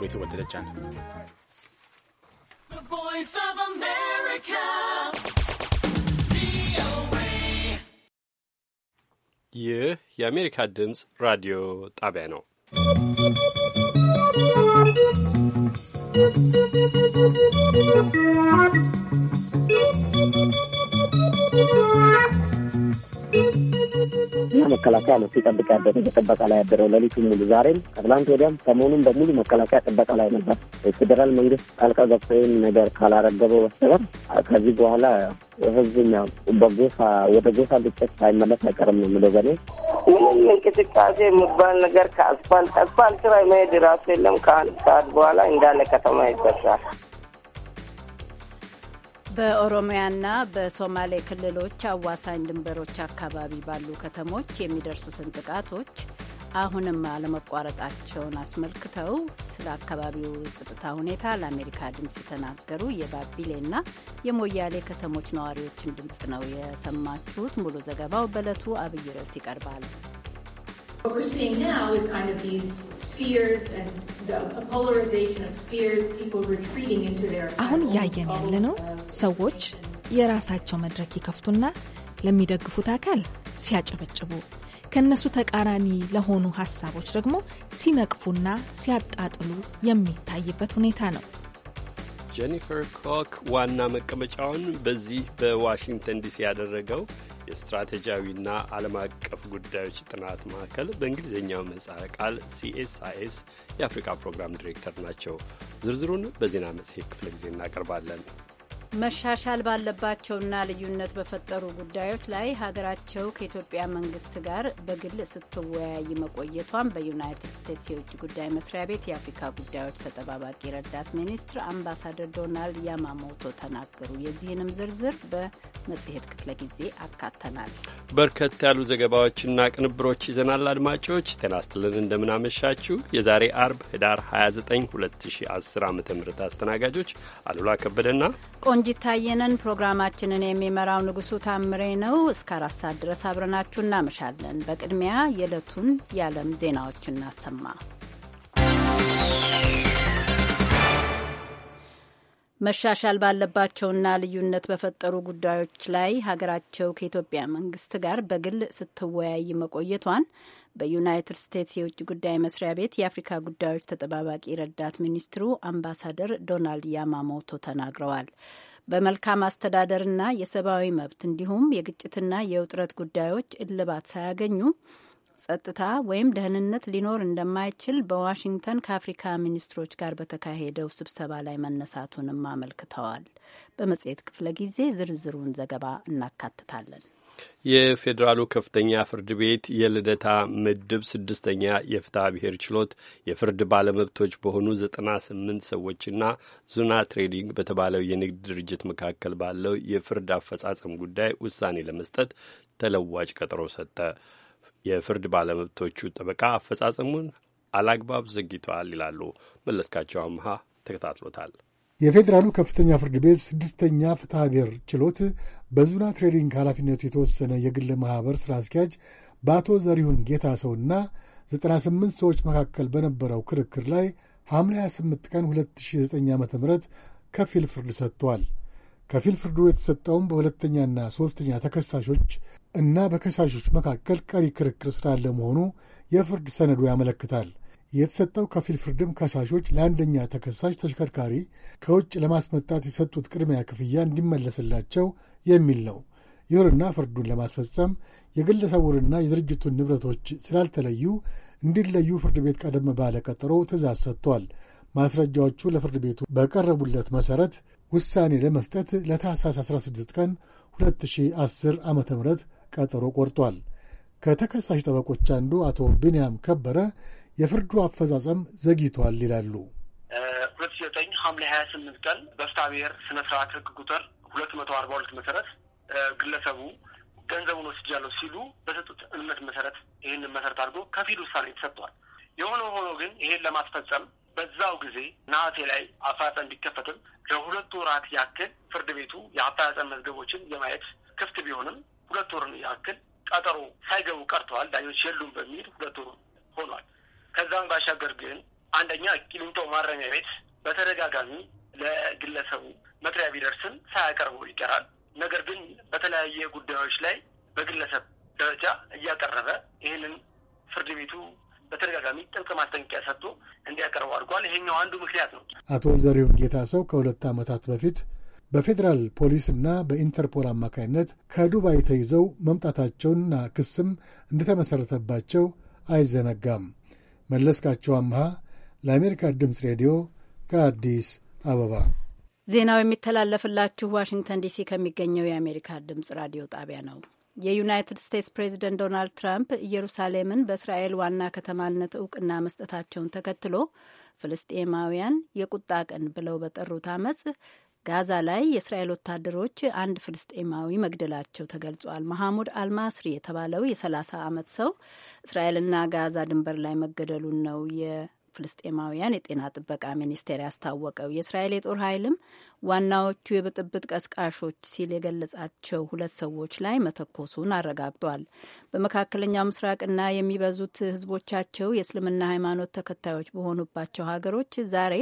ሩ የተወለደች አንድ ይህ የአሜሪካ ድምፅ ራዲዮ ጣቢያ ነው። ¶¶ መከላከያ ነው ሲጠብቅ ያደረ ጥበቃ ላይ ያደረው ለሊቱ ሙሉ፣ ዛሬም ከትላንት ወዲያም ሰሞኑን በሙሉ መከላከያ ጥበቃ ላይ ነበር። የፌዴራል መንግስት ጣልቃ ገብቶ ይህን ነገር ካላረገበው በስተቀር ከዚህ በኋላ ህዝብ በጎሳ ወደ ጎሳ ግጭት ሳይመለስ አይቀርም ነው የምለው። በኔ ምንም እንቅስቃሴ የሚባል ነገር ከአስፋልት አስፋልት ላይ መሄድ ራሱ የለም። ከአንድ ሰዓት በኋላ እንዳለ ከተማ ይበሳል። በኦሮሚያና በሶማሌ ክልሎች አዋሳኝ ድንበሮች አካባቢ ባሉ ከተሞች የሚደርሱትን ጥቃቶች አሁንም አለመቋረጣቸውን አስመልክተው ስለ አካባቢው የጸጥታ ሁኔታ ለአሜሪካ ድምፅ የተናገሩ የባቢሌና የሞያሌ ከተሞች ነዋሪዎችን ድምፅ ነው የሰማችሁት። ሙሉ ዘገባው በዕለቱ አብይ ርዕስ ይቀርባል። What we're seeing now is kind of these spheres and the polarization of spheres, people retreating into አሁን እያየን ያለ ነው። ሰዎች የራሳቸው መድረክ ይከፍቱና ለሚደግፉት አካል ሲያጨበጭቡ፣ ከእነሱ ተቃራኒ ለሆኑ ሀሳቦች ደግሞ ሲነቅፉና ሲያጣጥሉ የሚታይበት ሁኔታ ነው። ጄኒፈር ኮክ ዋና መቀመጫውን በዚህ በዋሽንግተን ዲሲ ያደረገው የስትራቴጂያዊና ዓለም አቀፍ ጉዳዮች ጥናት ማዕከል በእንግሊዝኛው ምህጻረ ቃል ሲኤስአይኤስ የአፍሪካ ፕሮግራም ዲሬክተር ናቸው። ዝርዝሩን በዜና መጽሔት ክፍለ ጊዜ እናቀርባለን። መሻሻል ባለባቸውና ልዩነት በፈጠሩ ጉዳዮች ላይ ሀገራቸው ከኢትዮጵያ መንግስት ጋር በግል ስትወያይ መቆየቷን በዩናይትድ ስቴትስ የውጭ ጉዳይ መስሪያ ቤት የአፍሪካ ጉዳዮች ተጠባባቂ ረዳት ሚኒስትር አምባሳደር ዶናልድ ያማሞቶ ተናገሩ። የዚህንም ዝርዝር በመጽሔት ክፍለ ጊዜ አካተናል። በርከት ያሉ ዘገባዎችና ቅንብሮች ይዘናል። አድማጮች ጤና ይስጥልን፣ እንደምናመሻችሁ። የዛሬ አርብ ህዳር 29 2010 ዓ ም አስተናጋጆች አሉላ ከበደና ቆንጂታየንን ፕሮግራማችንን የሚመራው ንጉሱ ታምሬ ነው። እስከ አራት ሰዓት ድረስ አብረናችሁ እናመሻለን። በቅድሚያ የዕለቱን የዓለም ዜናዎች እናሰማ። መሻሻል ባለባቸውና ልዩነት በፈጠሩ ጉዳዮች ላይ ሀገራቸው ከኢትዮጵያ መንግስት ጋር በግል ስትወያይ መቆየቷን በዩናይትድ ስቴትስ የውጭ ጉዳይ መስሪያ ቤት የአፍሪካ ጉዳዮች ተጠባባቂ ረዳት ሚኒስትሩ አምባሳደር ዶናልድ ያማሞቶ ተናግረዋል። በመልካም አስተዳደርና የሰብአዊ መብት እንዲሁም የግጭትና የውጥረት ጉዳዮች እልባት ሳያገኙ ጸጥታ ወይም ደህንነት ሊኖር እንደማይችል በዋሽንግተን ከአፍሪካ ሚኒስትሮች ጋር በተካሄደው ስብሰባ ላይ መነሳቱንም አመልክተዋል። በመጽሔት ክፍለ ጊዜ ዝርዝሩን ዘገባ እናካትታለን። የፌዴራሉ ከፍተኛ ፍርድ ቤት የልደታ ምድብ ስድስተኛ የፍትሐ ብሔር ችሎት የፍርድ ባለመብቶች በሆኑ ዘጠና ስምንት ሰዎችና ዙና ትሬዲንግ በተባለው የንግድ ድርጅት መካከል ባለው የፍርድ አፈጻጸም ጉዳይ ውሳኔ ለመስጠት ተለዋጭ ቀጠሮ ሰጠ። የፍርድ ባለመብቶቹ ጠበቃ አፈጻጸሙን አላግባብ ዘግይተዋል ይላሉ። መለስካቸው አምሃ ተከታትሎታል። የፌዴራሉ ከፍተኛ ፍርድ ቤት ስድስተኛ ፍትሐ ብሔር ችሎት በዙና ትሬዲንግ ኃላፊነቱ የተወሰነ የግል ማኅበር ሥራ አስኪያጅ በአቶ ዘሪሁን ጌታሰውና 98 ሰዎች መካከል በነበረው ክርክር ላይ ሐምሌ 28 ቀን 2009 ዓ ም ከፊል ፍርድ ሰጥቷል። ከፊል ፍርዱ የተሰጠውም በሁለተኛና ሦስተኛ ተከሳሾች እና በከሳሾች መካከል ቀሪ ክርክር ስላለ መሆኑ የፍርድ ሰነዱ ያመለክታል። የተሰጠው ከፊል ፍርድም ከሳሾች ለአንደኛ ተከሳሽ ተሽከርካሪ ከውጭ ለማስመጣት የሰጡት ቅድሚያ ክፍያ እንዲመለስላቸው የሚል ነው። ይሁንና ፍርዱን ለማስፈጸም የግለሰቡንና የድርጅቱን ንብረቶች ስላልተለዩ እንዲለዩ ፍርድ ቤት ቀደም ባለ ቀጠሮ ትእዛዝ ሰጥቷል። ማስረጃዎቹ ለፍርድ ቤቱ በቀረቡለት መሠረት ውሳኔ ለመስጠት ለታህሳስ 16 ቀን 2010 ዓ ም ቀጠሮ ቆርጧል። ከተከሳሽ ጠበቆች አንዱ አቶ ቢንያም ከበረ የፍርዱ አፈጻጸም ዘግይቷል ይላሉ። ሁለት ሺህ ዘጠኝ ሐምሌ ሀያ ስምንት ቀን በፍትሐ ብሔር ስነ ስርዓት ህግ ቁጥር ሁለት መቶ አርባ ሁለት መሰረት ግለሰቡ ገንዘቡን ወስጃለሁ ሲሉ በሰጡት እምነት መሰረት ይህንን መሰረት አድርጎ ከፊል ውሳኔ ተሰጥቷል። የሆነ ሆኖ ግን ይሄን ለማስፈጸም በዛው ጊዜ ነሐሴ ላይ አፈጻጸም ቢከፈትም ለሁለት ወራት ያክል ፍርድ ቤቱ የአፈጻጸም መዝገቦችን የማየት ክፍት ቢሆንም ሁለት ወርን ያክል ቀጠሮ ሳይገቡ ቀርተዋል። ዳኞች የሉም በሚል ሁለት ወር ሆኗል። ከዛም ባሻገር ግን አንደኛ ቂሊንጦ ማረሚያ ቤት በተደጋጋሚ ለግለሰቡ መጥሪያ ቢደርስም ሳያቀርቡ ይቀራል። ነገር ግን በተለያየ ጉዳዮች ላይ በግለሰብ ደረጃ እያቀረበ ይህንን ፍርድ ቤቱ በተደጋጋሚ ጥብቅ ማስጠንቀቂያ ሰጥቶ እንዲያቀርቡ አድርጓል። ይሄኛው አንዱ ምክንያት ነው። አቶ ዘሪሁን ሰው ከሁለት ዓመታት በፊት በፌዴራል ፖሊስ እና በኢንተርፖል አማካይነት ከዱባይ ተይዘው መምጣታቸውንና ክስም እንደተመሠረተባቸው አይዘነጋም። መለስካቸው አምሃ ለአሜሪካ ድምፅ ሬዲዮ ከአዲስ አበባ ዜናው የሚተላለፍላችሁ ዋሽንግተን ዲሲ ከሚገኘው የአሜሪካ ድምፅ ራዲዮ ጣቢያ ነው። የዩናይትድ ስቴትስ ፕሬዚደንት ዶናልድ ትራምፕ ኢየሩሳሌምን በእስራኤል ዋና ከተማነት እውቅና መስጠታቸውን ተከትሎ ፍልስጤማውያን የቁጣ ቀን ብለው በጠሩት አመፅ ጋዛ ላይ የእስራኤል ወታደሮች አንድ ፍልስጤማዊ መግደላቸው ተገልጿል። መሐሙድ አልማስሪ የተባለው የ30 ዓመት ሰው እስራኤልና ጋዛ ድንበር ላይ መገደሉን ነው የፍልስጤማውያን የጤና ጥበቃ ሚኒስቴር ያስታወቀው። የእስራኤል የጦር ኃይልም ዋናዎቹ የብጥብጥ ቀስቃሾች ሲል የገለጻቸው ሁለት ሰዎች ላይ መተኮሱን አረጋግጧል። በመካከለኛው ምስራቅና የሚበዙት ህዝቦቻቸው የእስልምና ሃይማኖት ተከታዮች በሆኑባቸው ሀገሮች ዛሬ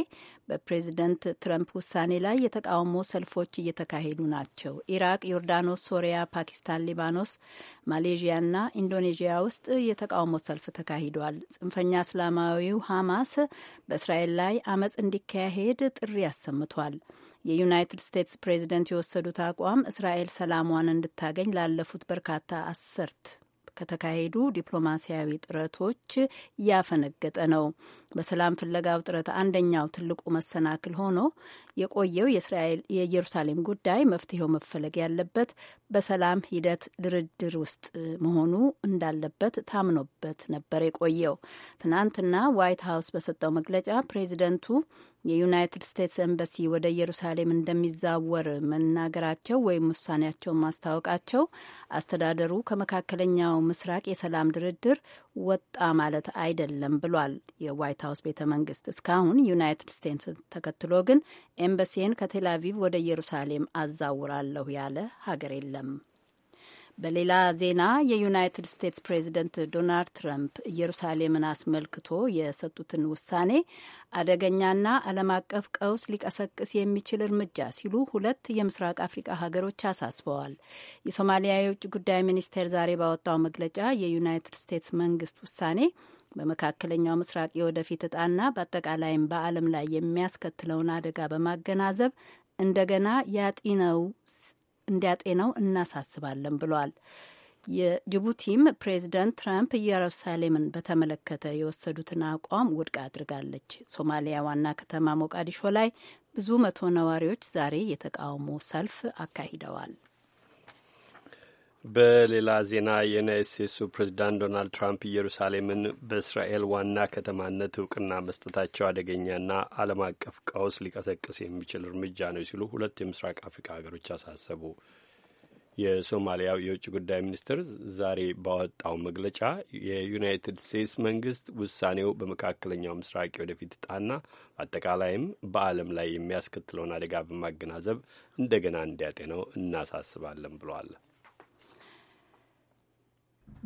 በፕሬዚደንት ትረምፕ ውሳኔ ላይ የተቃውሞ ሰልፎች እየተካሄዱ ናቸው። ኢራቅ፣ ዮርዳኖስ፣ ሶሪያ፣ ፓኪስታን፣ ሊባኖስ፣ ማሌዥያና ኢንዶኔዥያ ውስጥ የተቃውሞ ሰልፍ ተካሂዷል። ጽንፈኛ እስላማዊው ሀማስ በእስራኤል ላይ አመፅ እንዲካሄድ ጥሪ አሰምቷል። የዩናይትድ ስቴትስ ፕሬዚደንት የወሰዱት አቋም እስራኤል ሰላሟን እንድታገኝ ላለፉት በርካታ አሰርት ከተካሄዱ ዲፕሎማሲያዊ ጥረቶች እያፈነገጠ ነው። በሰላም ፍለጋው ጥረት አንደኛው ትልቁ መሰናክል ሆኖ የቆየው የእስራኤል የኢየሩሳሌም ጉዳይ መፍትሄው መፈለግ ያለበት በሰላም ሂደት ድርድር ውስጥ መሆኑ እንዳለበት ታምኖበት ነበር የቆየው። ትናንትና ዋይት ሀውስ በሰጠው መግለጫ ፕሬዚደንቱ የዩናይትድ ስቴትስ ኤምበሲ ወደ ኢየሩሳሌም እንደሚዛወር መናገራቸው ወይም ውሳኔያቸውን ማስታወቃቸው አስተዳደሩ ከመካከለኛው ምስራቅ የሰላም ድርድር ወጣ ማለት አይደለም ብሏል የዋይት ሀውስ ቤተ መንግስት። እስካሁን ዩናይትድ ስቴትስን ተከትሎ ግን ኤምበሲን ከቴል አቪቭ ወደ ኢየሩሳሌም አዛውራለሁ ያለ ሀገር የለም። በሌላ ዜና የዩናይትድ ስቴትስ ፕሬዚደንት ዶናልድ ትራምፕ ኢየሩሳሌምን አስመልክቶ የሰጡትን ውሳኔ አደገኛና ዓለም አቀፍ ቀውስ ሊቀሰቅስ የሚችል እርምጃ ሲሉ ሁለት የምስራቅ አፍሪቃ ሀገሮች አሳስበዋል። የሶማሊያ የውጭ ጉዳይ ሚኒስቴር ዛሬ ባወጣው መግለጫ የዩናይትድ ስቴትስ መንግስት ውሳኔ በመካከለኛው ምስራቅ የወደፊት እጣና በአጠቃላይም በዓለም ላይ የሚያስከትለውን አደጋ በማገናዘብ እንደገና ያጢነው እንዲያጤነው እናሳስባለን ብሏል። የጅቡቲም ፕሬዚደንት ትራምፕ ኢየሩሳሌምን በተመለከተ የወሰዱትን አቋም ውድቅ አድርጋለች። ሶማሊያ ዋና ከተማ ሞቃዲሾ ላይ ብዙ መቶ ነዋሪዎች ዛሬ የተቃውሞ ሰልፍ አካሂደዋል። በሌላ ዜና የዩናይት ስቴትሱ ፕሬዚዳንት ዶናልድ ትራምፕ ኢየሩሳሌምን በእስራኤል ዋና ከተማነት እውቅና መስጠታቸው አደገኛና ዓለም አቀፍ ቀውስ ሊቀሰቅስ የሚችል እርምጃ ነው ሲሉ ሁለት የምስራቅ አፍሪካ ሀገሮች አሳሰቡ። የሶማሊያው የውጭ ጉዳይ ሚኒስትር ዛሬ ባወጣው መግለጫ የዩናይትድ ስቴትስ መንግስት ውሳኔው በመካከለኛው ምስራቅ ወደፊት እጣና አጠቃላይም በዓለም ላይ የሚያስከትለውን አደጋ በማገናዘብ እንደገና እንዲያጤነው እናሳስባለን ብለዋል።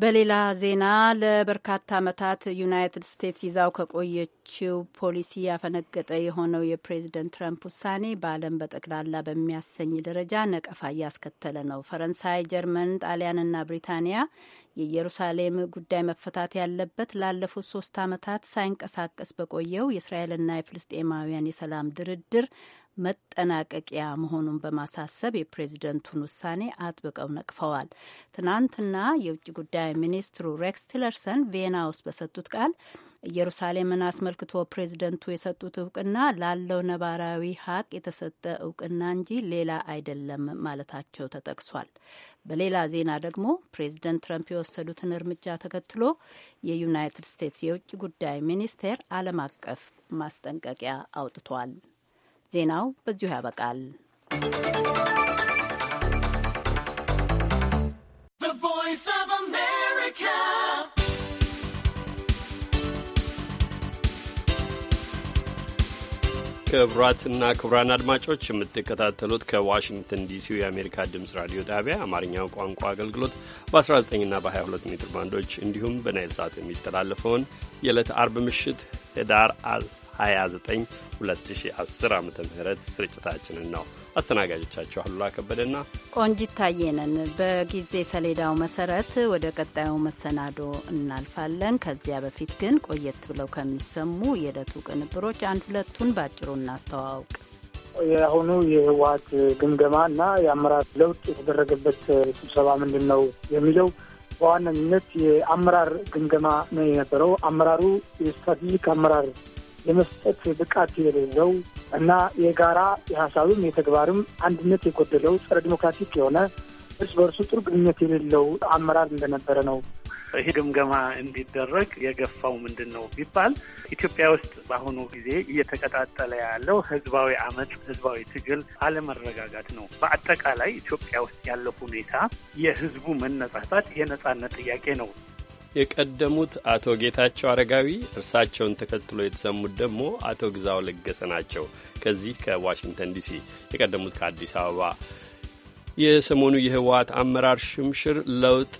በሌላ ዜና ለበርካታ ዓመታት ዩናይትድ ስቴትስ ይዛው ከቆየችው ፖሊሲ ያፈነገጠ የሆነው የፕሬዝደንት ትራምፕ ውሳኔ በዓለም በጠቅላላ በሚያሰኝ ደረጃ ነቀፋ እያስከተለ ነው። ፈረንሳይ፣ ጀርመን፣ ጣሊያንና ብሪታንያ የኢየሩሳሌም ጉዳይ መፈታት ያለበት ላለፉት ሶስት ዓመታት ሳይንቀሳቀስ በቆየው የእስራኤልና የፍልስጤማውያን የሰላም ድርድር መጠናቀቂያ መሆኑን በማሳሰብ የፕሬዝደንቱን ውሳኔ አጥብቀው ነቅፈዋል። ትናንትና የውጭ ጉዳይ ሚኒስትሩ ሬክስ ቲለርሰን ቪየና ውስጥ በሰጡት ቃል ኢየሩሳሌምን አስመልክቶ ፕሬዝደንቱ የሰጡት እውቅና ላለው ነባራዊ ሀቅ የተሰጠ እውቅና እንጂ ሌላ አይደለም ማለታቸው ተጠቅሷል። በሌላ ዜና ደግሞ ፕሬዝደንት ትረምፕ የወሰዱትን እርምጃ ተከትሎ የዩናይትድ ስቴትስ የውጭ ጉዳይ ሚኒስቴር ዓለም አቀፍ ማስጠንቀቂያ አውጥቷል። ዜናው በዚሁ ያበቃል። ክቡራትና ክቡራን አድማጮች የምትከታተሉት ከዋሽንግተን ዲሲ የአሜሪካ ድምፅ ራዲዮ ጣቢያ አማርኛው ቋንቋ አገልግሎት በ19ና በ22 ሜትር ባንዶች እንዲሁም በናይል ሰዓት የሚተላለፈውን የዕለት አርብ ምሽት ህዳር 29 2010 ዓ ም ስርጭታችንን ነው። አስተናጋጆቻችሁ አሉላ ከበደና ቆንጂት ታየነን። በጊዜ ሰሌዳው መሰረት ወደ ቀጣዩ መሰናዶ እናልፋለን። ከዚያ በፊት ግን ቆየት ብለው ከሚሰሙ የዕለቱ ቅንብሮች አንድ ሁለቱን በአጭሩ እናስተዋውቅ። የአሁኑ የህወሀት ግምገማ እና የአመራር ለውጥ የተደረገበት ስብሰባ ምንድን ነው የሚለው በዋነኝነት የአመራር ግምገማ ነው የነበረው። አመራሩ የስትራቴጂክ አመራር የመስጠት ብቃት የሌለው እና የጋራ የሀሳብም የተግባርም አንድነት የጎደለው ጸረ ዲሞክራቲክ የሆነ እርስ በእርሱ ጥሩ ግንኙነት የሌለው አመራር እንደነበረ ነው። ይህ ግምገማ እንዲደረግ የገፋው ምንድን ነው ቢባል ኢትዮጵያ ውስጥ በአሁኑ ጊዜ እየተቀጣጠለ ያለው ህዝባዊ አመፅ፣ ህዝባዊ ትግል፣ አለመረጋጋት ነው። በአጠቃላይ ኢትዮጵያ ውስጥ ያለው ሁኔታ የህዝቡ መነሳሳት የነጻነት ጥያቄ ነው። የቀደሙት አቶ ጌታቸው አረጋዊ፣ እርሳቸውን ተከትሎ የተሰሙት ደግሞ አቶ ግዛው ለገሰ ናቸው። ከዚህ ከዋሽንግተን ዲሲ የቀደሙት ከአዲስ አበባ የሰሞኑ የህወሀት አመራር ሽምሽር ለውጥ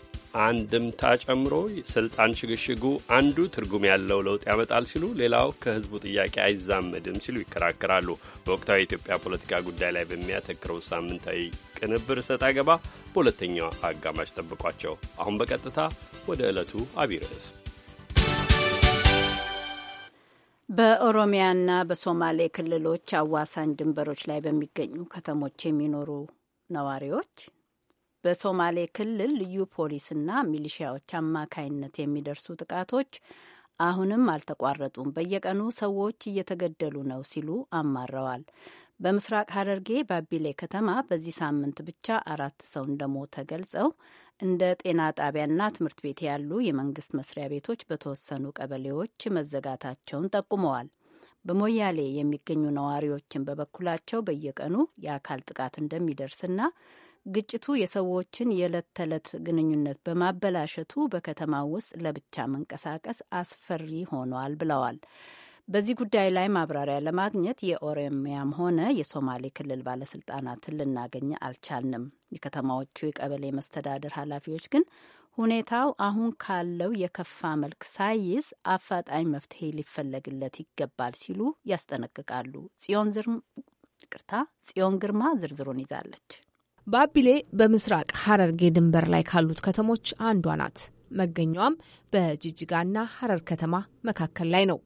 አንድምታ ጨምሮ ስልጣን ሽግሽጉ አንዱ ትርጉም ያለው ለውጥ ያመጣል ሲሉ፣ ሌላው ከህዝቡ ጥያቄ አይዛመድም ሲሉ ይከራከራሉ። በወቅታዊ የኢትዮጵያ ፖለቲካ ጉዳይ ላይ በሚያተክረው ሳምንታዊ ቅንብር እሰጥ አገባ በሁለተኛው አጋማሽ ጠብቋቸው። አሁን በቀጥታ ወደ ዕለቱ አቢይ ርዕስ በኦሮሚያና በሶማሌ ክልሎች አዋሳኝ ድንበሮች ላይ በሚገኙ ከተሞች የሚኖሩ ነዋሪዎች በሶማሌ ክልል ልዩ ፖሊስና ሚሊሺያዎች አማካይነት የሚደርሱ ጥቃቶች አሁንም አልተቋረጡም፣ በየቀኑ ሰዎች እየተገደሉ ነው ሲሉ አማረዋል። በምስራቅ ሐረርጌ ባቢሌ ከተማ በዚህ ሳምንት ብቻ አራት ሰው እንደሞተ ገልጸው እንደ ጤና ጣቢያና ትምህርት ቤት ያሉ የመንግስት መስሪያ ቤቶች በተወሰኑ ቀበሌዎች መዘጋታቸውን ጠቁመዋል። በሞያሌ የሚገኙ ነዋሪዎችን በበኩላቸው በየቀኑ የአካል ጥቃት እንደሚደርስና ግጭቱ የሰዎችን የዕለት ተዕለት ግንኙነት በማበላሸቱ በከተማ ውስጥ ለብቻ መንቀሳቀስ አስፈሪ ሆኗል ብለዋል። በዚህ ጉዳይ ላይ ማብራሪያ ለማግኘት የኦሮሚያም ሆነ የሶማሌ ክልል ባለስልጣናትን ልናገኝ አልቻልንም። የከተማዎቹ የቀበሌ መስተዳደር ኃላፊዎች ግን ሁኔታው አሁን ካለው የከፋ መልክ ሳይዝ አፋጣኝ መፍትሄ ሊፈለግለት ይገባል ሲሉ ያስጠነቅቃሉ። ጽዮን ቅርታ ጽዮን ግርማ ዝርዝሩን ይዛለች። ባቢሌ በምስራቅ ሀረርጌ ድንበር ላይ ካሉት ከተሞች አንዷ ናት። መገኛዋም በጅጅጋና ሀረር ከተማ መካከል ላይ ነው።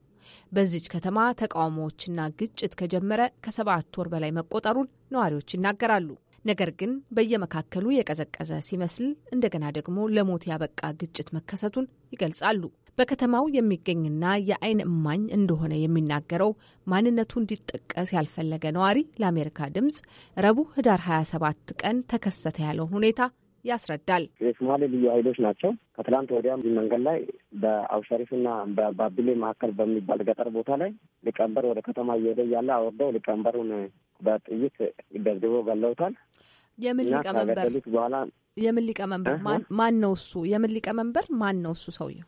በዚች ከተማ ተቃውሞዎችና ግጭት ከጀመረ ከሰባት ወር በላይ መቆጠሩን ነዋሪዎች ይናገራሉ። ነገር ግን በየመካከሉ የቀዘቀዘ ሲመስል እንደገና ደግሞ ለሞት ያበቃ ግጭት መከሰቱን ይገልጻሉ። በከተማው የሚገኝና የአይን እማኝ እንደሆነ የሚናገረው ማንነቱ እንዲጠቀስ ያልፈለገ ነዋሪ ለአሜሪካ ድምጽ ረቡዕ ህዳር 27 ቀን ተከሰተ ያለውን ሁኔታ ያስረዳል። የሶማሌ ልዩ ኃይሎች ናቸው። ከትላንት ወዲያ መንገድ ላይ በአውሸሪፍና በባቢሌ መካከል በሚባል ገጠር ቦታ ላይ ሊቀመንበር ወደ ከተማ እየሄደ እያለ አወርደው ሊቀመንበሩን በጥይት ደብድበው ገለውታል። የምን ሊቀመንበር በኋላ የምን ሊቀመንበር ማን ነው እሱ? የምን ሊቀመንበር ማን ነው እሱ? ሰውየው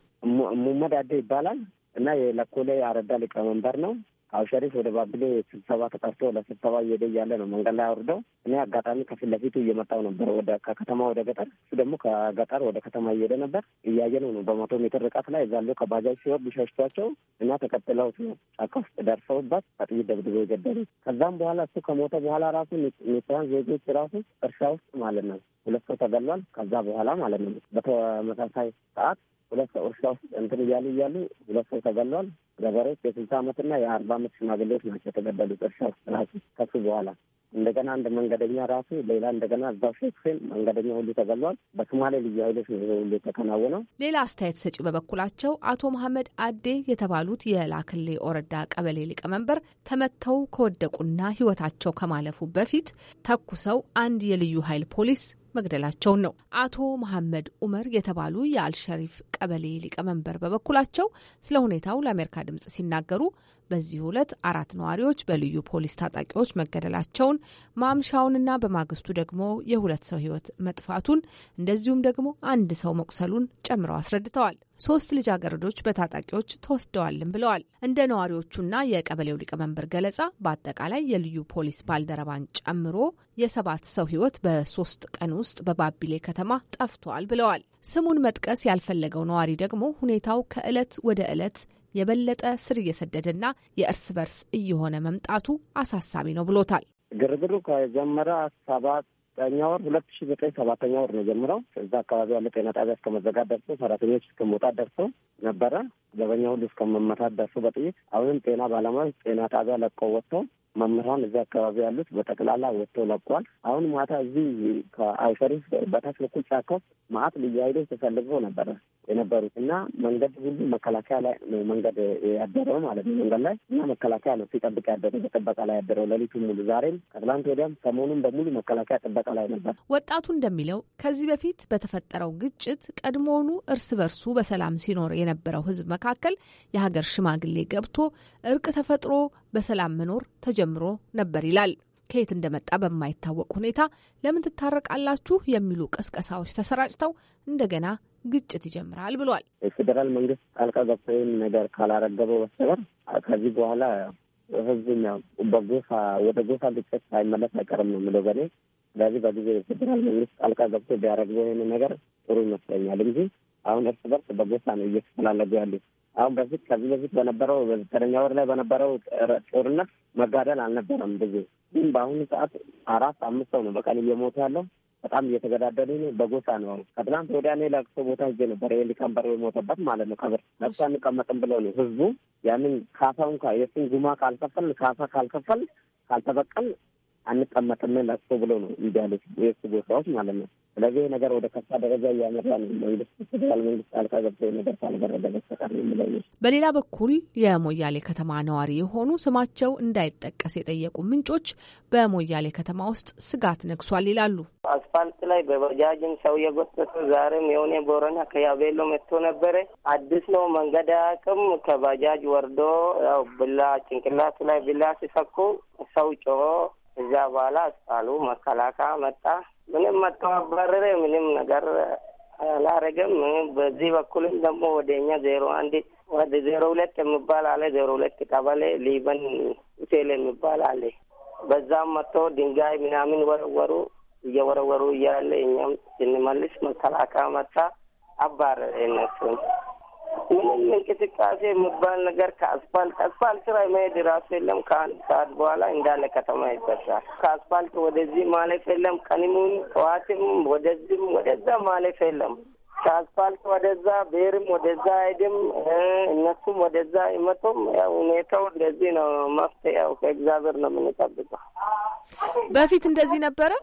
ሙመድ አደ ይባላል እና የለኮሌ አረዳ ሊቀመንበር ነው። አውሸሪፍ ወደ ባብሌ ስብሰባ ተጠርቶ ለስብሰባ እየሄደ እያለ ነው መንገድ ላይ አውርደው። እኔ አጋጣሚ ከፊት ለፊቱ እየመጣው ነበር ወደ ከከተማ ወደ ገጠር፣ እሱ ደግሞ ከገጠር ወደ ከተማ እየሄደ ነበር። እያየ ነው ነው በመቶ ሜትር ርቀት ላይ እዛ ያለው ከባጃጅ ሲወርድ ሸሽቷቸው እና ተቀጥለው ነው ጫካ ውስጥ ደርሰውባት በጥይት ደብድበው የገደሉት። ከዛም በኋላ እሱ ከሞተ በኋላ ራሱ ኔትራን ዜጎች ራሱ እርሻ ውስጥ ማለት ነው ሁለት ሰው ተገሏል። ከዛ በኋላ ማለት ነው በተመሳሳይ ሰዓት ሁለት ሰው እርሻ ውስጥ እንትን እያሉ እያሉ ሁለት ሰው ተገሏል። ገበሬዎች የስልሳ አመትና የአርባ አመት ሽማግሌዎች ናቸው የተገደሉ እርሻ ውስጥ ራሱ ከሱ በኋላ እንደገና አንድ መንገደኛ ራሱ ሌላ እንደገና እዛው ሼክፌል መንገደኛ ሁሉ ተገሏል። በሶማሌ ልዩ ኃይሎች ነው ሁሉ የተከናወነው። ሌላ አስተያየት ሰጪ በበኩላቸው አቶ መሐመድ አዴ የተባሉት የላክሌ ወረዳ ቀበሌ ሊቀመንበር ተመተው ከወደቁና ህይወታቸው ከማለፉ በፊት ተኩሰው አንድ የልዩ ኃይል ፖሊስ መግደላቸውን ነው። አቶ መሐመድ ኡመር የተባሉ የአልሸሪፍ ቀበሌ ሊቀመንበር በበኩላቸው ስለ ሁኔታው ለአሜሪካ ድምጽ ሲናገሩ በዚህ ሁለት አራት ነዋሪዎች በልዩ ፖሊስ ታጣቂዎች መገደላቸውን ማምሻውንና በማግስቱ ደግሞ የሁለት ሰው ሕይወት መጥፋቱን እንደዚሁም ደግሞ አንድ ሰው መቁሰሉን ጨምረው አስረድተዋል። ሶስት ልጃገረዶች በታጣቂዎች ተወስደዋልም ብለዋል። እንደ ነዋሪዎቹና የቀበሌው ሊቀመንበር ገለጻ በአጠቃላይ የልዩ ፖሊስ ባልደረባን ጨምሮ የሰባት ሰው ሕይወት በሶስት ቀን ውስጥ በባቢሌ ከተማ ጠፍቷል ብለዋል። ስሙን መጥቀስ ያልፈለገው ነዋሪ ደግሞ ሁኔታው ከዕለት ወደ ዕለት የበለጠ ስር እየሰደደና የእርስ በርስ እየሆነ መምጣቱ አሳሳቢ ነው ብሎታል። ግርግሩ ከጀመረ ሰባት ዘጠኛ ወር ሁለት ሺ ዘጠኝ ሰባተኛ ወር ነው ጀምረው እዛ አካባቢ ያለ ጤና ጣቢያ እስከመዘጋት ደርሶ ሰራተኞች እስከመውጣት ደርሶ ነበረ። ዘበኛ ሁሉ እስከመመታት ደርሶ በጥይት አሁንም ጤና ባለሙያዎች ጤና ጣቢያ ለቀው ወጥተው መምህራን እዛ አካባቢ ያሉት በጠቅላላ ወጥተው ለቋል። አሁን ማታ እዚህ ከአይፈሪ በታች በኩል ጫካው ማአት ልዩ ኃይሎች ተሰልፈው ነበረ የነበሩት እና መንገድ ሁሉ መከላከያ ላይ ነው መንገድ ያደረው ማለት ነው። መንገድ ላይ እና መከላከያ ነው ሲጠብቅ ያደረው በጥበቃ ላይ ያደረው ሌሊቱ ሙሉ፣ ዛሬም ከትላንት ወዲያም ሰሞኑን በሙሉ መከላከያ ጥበቃ ላይ ነበር። ወጣቱ እንደሚለው ከዚህ በፊት በተፈጠረው ግጭት ቀድሞውኑ እርስ በርሱ በሰላም ሲኖር የነበረው ህዝብ መካከል የሀገር ሽማግሌ ገብቶ እርቅ ተፈጥሮ በሰላም መኖር ተጀምሮ ነበር ይላል። ከየት እንደመጣ በማይታወቅ ሁኔታ ለምን ትታረቃላችሁ የሚሉ ቀስቀሳዎች ተሰራጭተው እንደገና ግጭት ይጀምራል ብሏል። የፌዴራል መንግስት ጣልቃ ገብቶ ይህን ነገር ካላረገበው በስተቀር ከዚህ በኋላ ህዝብም በጎሳ ወደ ጎሳ ግጭት ሳይመለስ አይቀርም ነው የምለው በኔ። ስለዚህ በጊዜ የፌዴራል መንግስት ጣልቃ ገብቶ ቢያረግበው ይህን ነገር ጥሩ ይመስለኛል እንጂ አሁን እርስ በርስ በጎሳ ነው እየተፈላለጉ ያሉት። አሁን በፊት ከዚህ በፊት በነበረው በዘጠነኛ ወር ላይ በነበረው ጦርነት መጋደል አልነበረም ብዙ። ግን በአሁኑ ሰዓት አራት አምስት ሰው ነው በቀን እየሞተ ያለው። በጣም እየተገዳደሉ ነው። በጎሳ ነው። ከትናንት ወዲያ እኔ ለቅሶ ቦታ ሄጄ ነበር። ኤሊካምበር የሞተበት ማለት ነው። ቀብር ለቅሶ አንቀመጥም ብለው ነው ህዝቡ ያንን ካሳውን የሱን ጉማ ካልከፈል ካሳ ካልከፈል ካልተበቀል አንቀመጥም ለቅሶ ብለው ነው እንዲያሉት የሱ ጎሳዎች ማለት ነው። ስለዚህ ነገር ወደ ከፋ ደረጃ እያመራ ነው መንግስት መንግስት ጣልቃ ገብቶ ነገር ካልበረደ በስተቀር ምለ በሌላ በኩል የሞያሌ ከተማ ነዋሪ የሆኑ ስማቸው እንዳይጠቀስ የጠየቁ ምንጮች በሞያሌ ከተማ ውስጥ ስጋት ነግሷል ይላሉ። አስፋልት ላይ በባጃጅም ሰው የጎተተው ዛሬም የሆነ ቦረና ከያቤሎ መጥቶ ነበረ። አዲስ ነው መንገድ አያውቅም። ከባጃጅ ወርዶ ያው ብላ ጭንቅላቱ ላይ ብላ ሲሰኩ ሰው ጮሆ እዛ በኋላ አስጣሉ መከላከያ መጣ ምንም መተባበረ ምንም ነገር አላረገም። በዚህ በኩልም ደግሞ ወደ ወደኛ ዜሮ አንድ ወደ ዜሮ ሁለት የሚባል አለ። ዜሮ ሁለት ቀበሌ ሊበን ሆቴል የሚባል አለ። በዛም መጥቶ ድንጋይ ምናምን ወረወሩ። እየወረወሩ እያለ እኛም ስንመልስ መከላከያ መጣ፣ አባረረ እነሱም ምንም እንቅስቃሴ የሚባል ነገር ከአስፋልት አስፋልት ላይ መሄድ ራሱ የለም። ከአንድ ሰዓት በኋላ እንዳለ ከተማ ይፈሳል። ከአስፋልት ወደዚህ ማለፍ የለም። ቀኒሙን ጠዋትም ወደዚህም ወደዛ ማለፍ የለም። ከአስፋልት ወደዛ ብሔርም ወደዛ አይድም እነሱም ወደዛ አይመጡም። ያው ሁኔታው እንደዚህ ነው። መፍትሄ ያው ከእግዚአብሔር ነው የምንጠብቀው። በፊት እንደዚህ ነበረ።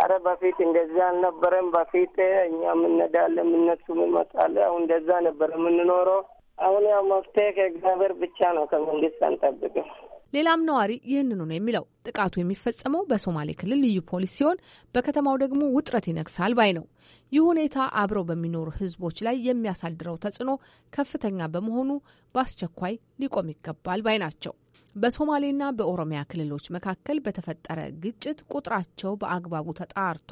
አረ በፊት እንደዛ አልነበረም። በፊት እኛ የምነዳለን የምነሱም ይመጣለ። አሁን እንደዛ ነበር የምንኖረው። አሁን ያው መፍትሄ ከእግዚአብሔር ብቻ ነው፣ ከመንግስት አንጠብቅም። ሌላም ነዋሪ ይህንኑ ነው የሚለው። ጥቃቱ የሚፈጸመው በሶማሌ ክልል ልዩ ፖሊስ ሲሆን በከተማው ደግሞ ውጥረት ይነግሳል ባይ ነው። ይህ ሁኔታ አብረው በሚኖሩ ህዝቦች ላይ የሚያሳድረው ተጽዕኖ ከፍተኛ በመሆኑ በአስቸኳይ ሊቆም ይገባል ባይ ናቸው። በሶማሌና በኦሮሚያ ክልሎች መካከል በተፈጠረ ግጭት ቁጥራቸው በአግባቡ ተጣርቶ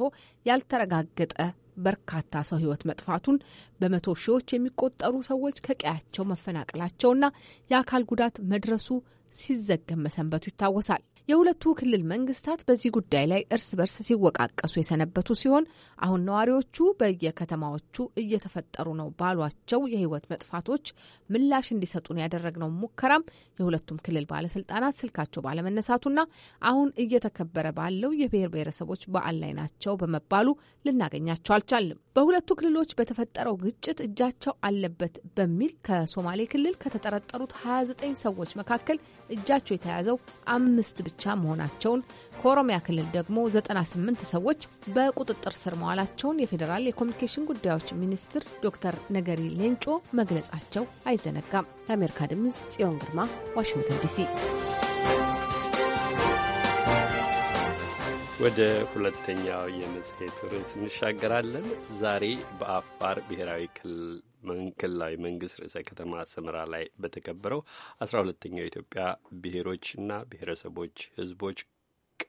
ያልተረጋገጠ በርካታ ሰው ህይወት መጥፋቱን በመቶ ሺዎች የሚቆጠሩ ሰዎች ከቀያቸው መፈናቀላቸውና የአካል ጉዳት መድረሱ ሲዘገብ መሰንበቱ ይታወሳል። የሁለቱ ክልል መንግስታት በዚህ ጉዳይ ላይ እርስ በርስ ሲወቃቀሱ የሰነበቱ ሲሆን አሁን ነዋሪዎቹ በየከተማዎቹ እየተፈጠሩ ነው ባሏቸው የህይወት መጥፋቶች ምላሽ እንዲሰጡን ያደረግነው ሙከራም የሁለቱም ክልል ባለስልጣናት ስልካቸው ባለመነሳቱና አሁን እየተከበረ ባለው የብሔር ብሔረሰቦች በዓል ላይ ናቸው በመባሉ ልናገኛቸው አልቻልም። በሁለቱ ክልሎች በተፈጠረው ግጭት እጃቸው አለበት በሚል ከሶማሌ ክልል ከተጠረጠሩት 29 ሰዎች መካከል እጃቸው የተያዘው አምስት ብቻ ብቻ መሆናቸውን ከኦሮሚያ ክልል ደግሞ 98 ሰዎች በቁጥጥር ስር መዋላቸውን የፌዴራል የኮሚኒኬሽን ጉዳዮች ሚኒስትር ዶክተር ነገሪ ሌንጮ መግለጻቸው አይዘነጋም። የአሜሪካ ድምፅ ጽዮን ግርማ፣ ዋሽንግተን ዲሲ። ወደ ሁለተኛው የመጽሔቱ ርዕስ እንሻገራለን። ዛሬ በአፋር ብሔራዊ ክልል ክልላዊ መንግስት ርዕሰ ከተማ ሰመራ ላይ በተከበረው አስራ ሁለተኛው የኢትዮጵያ ብሔሮችና ብሔረሰቦች ህዝቦች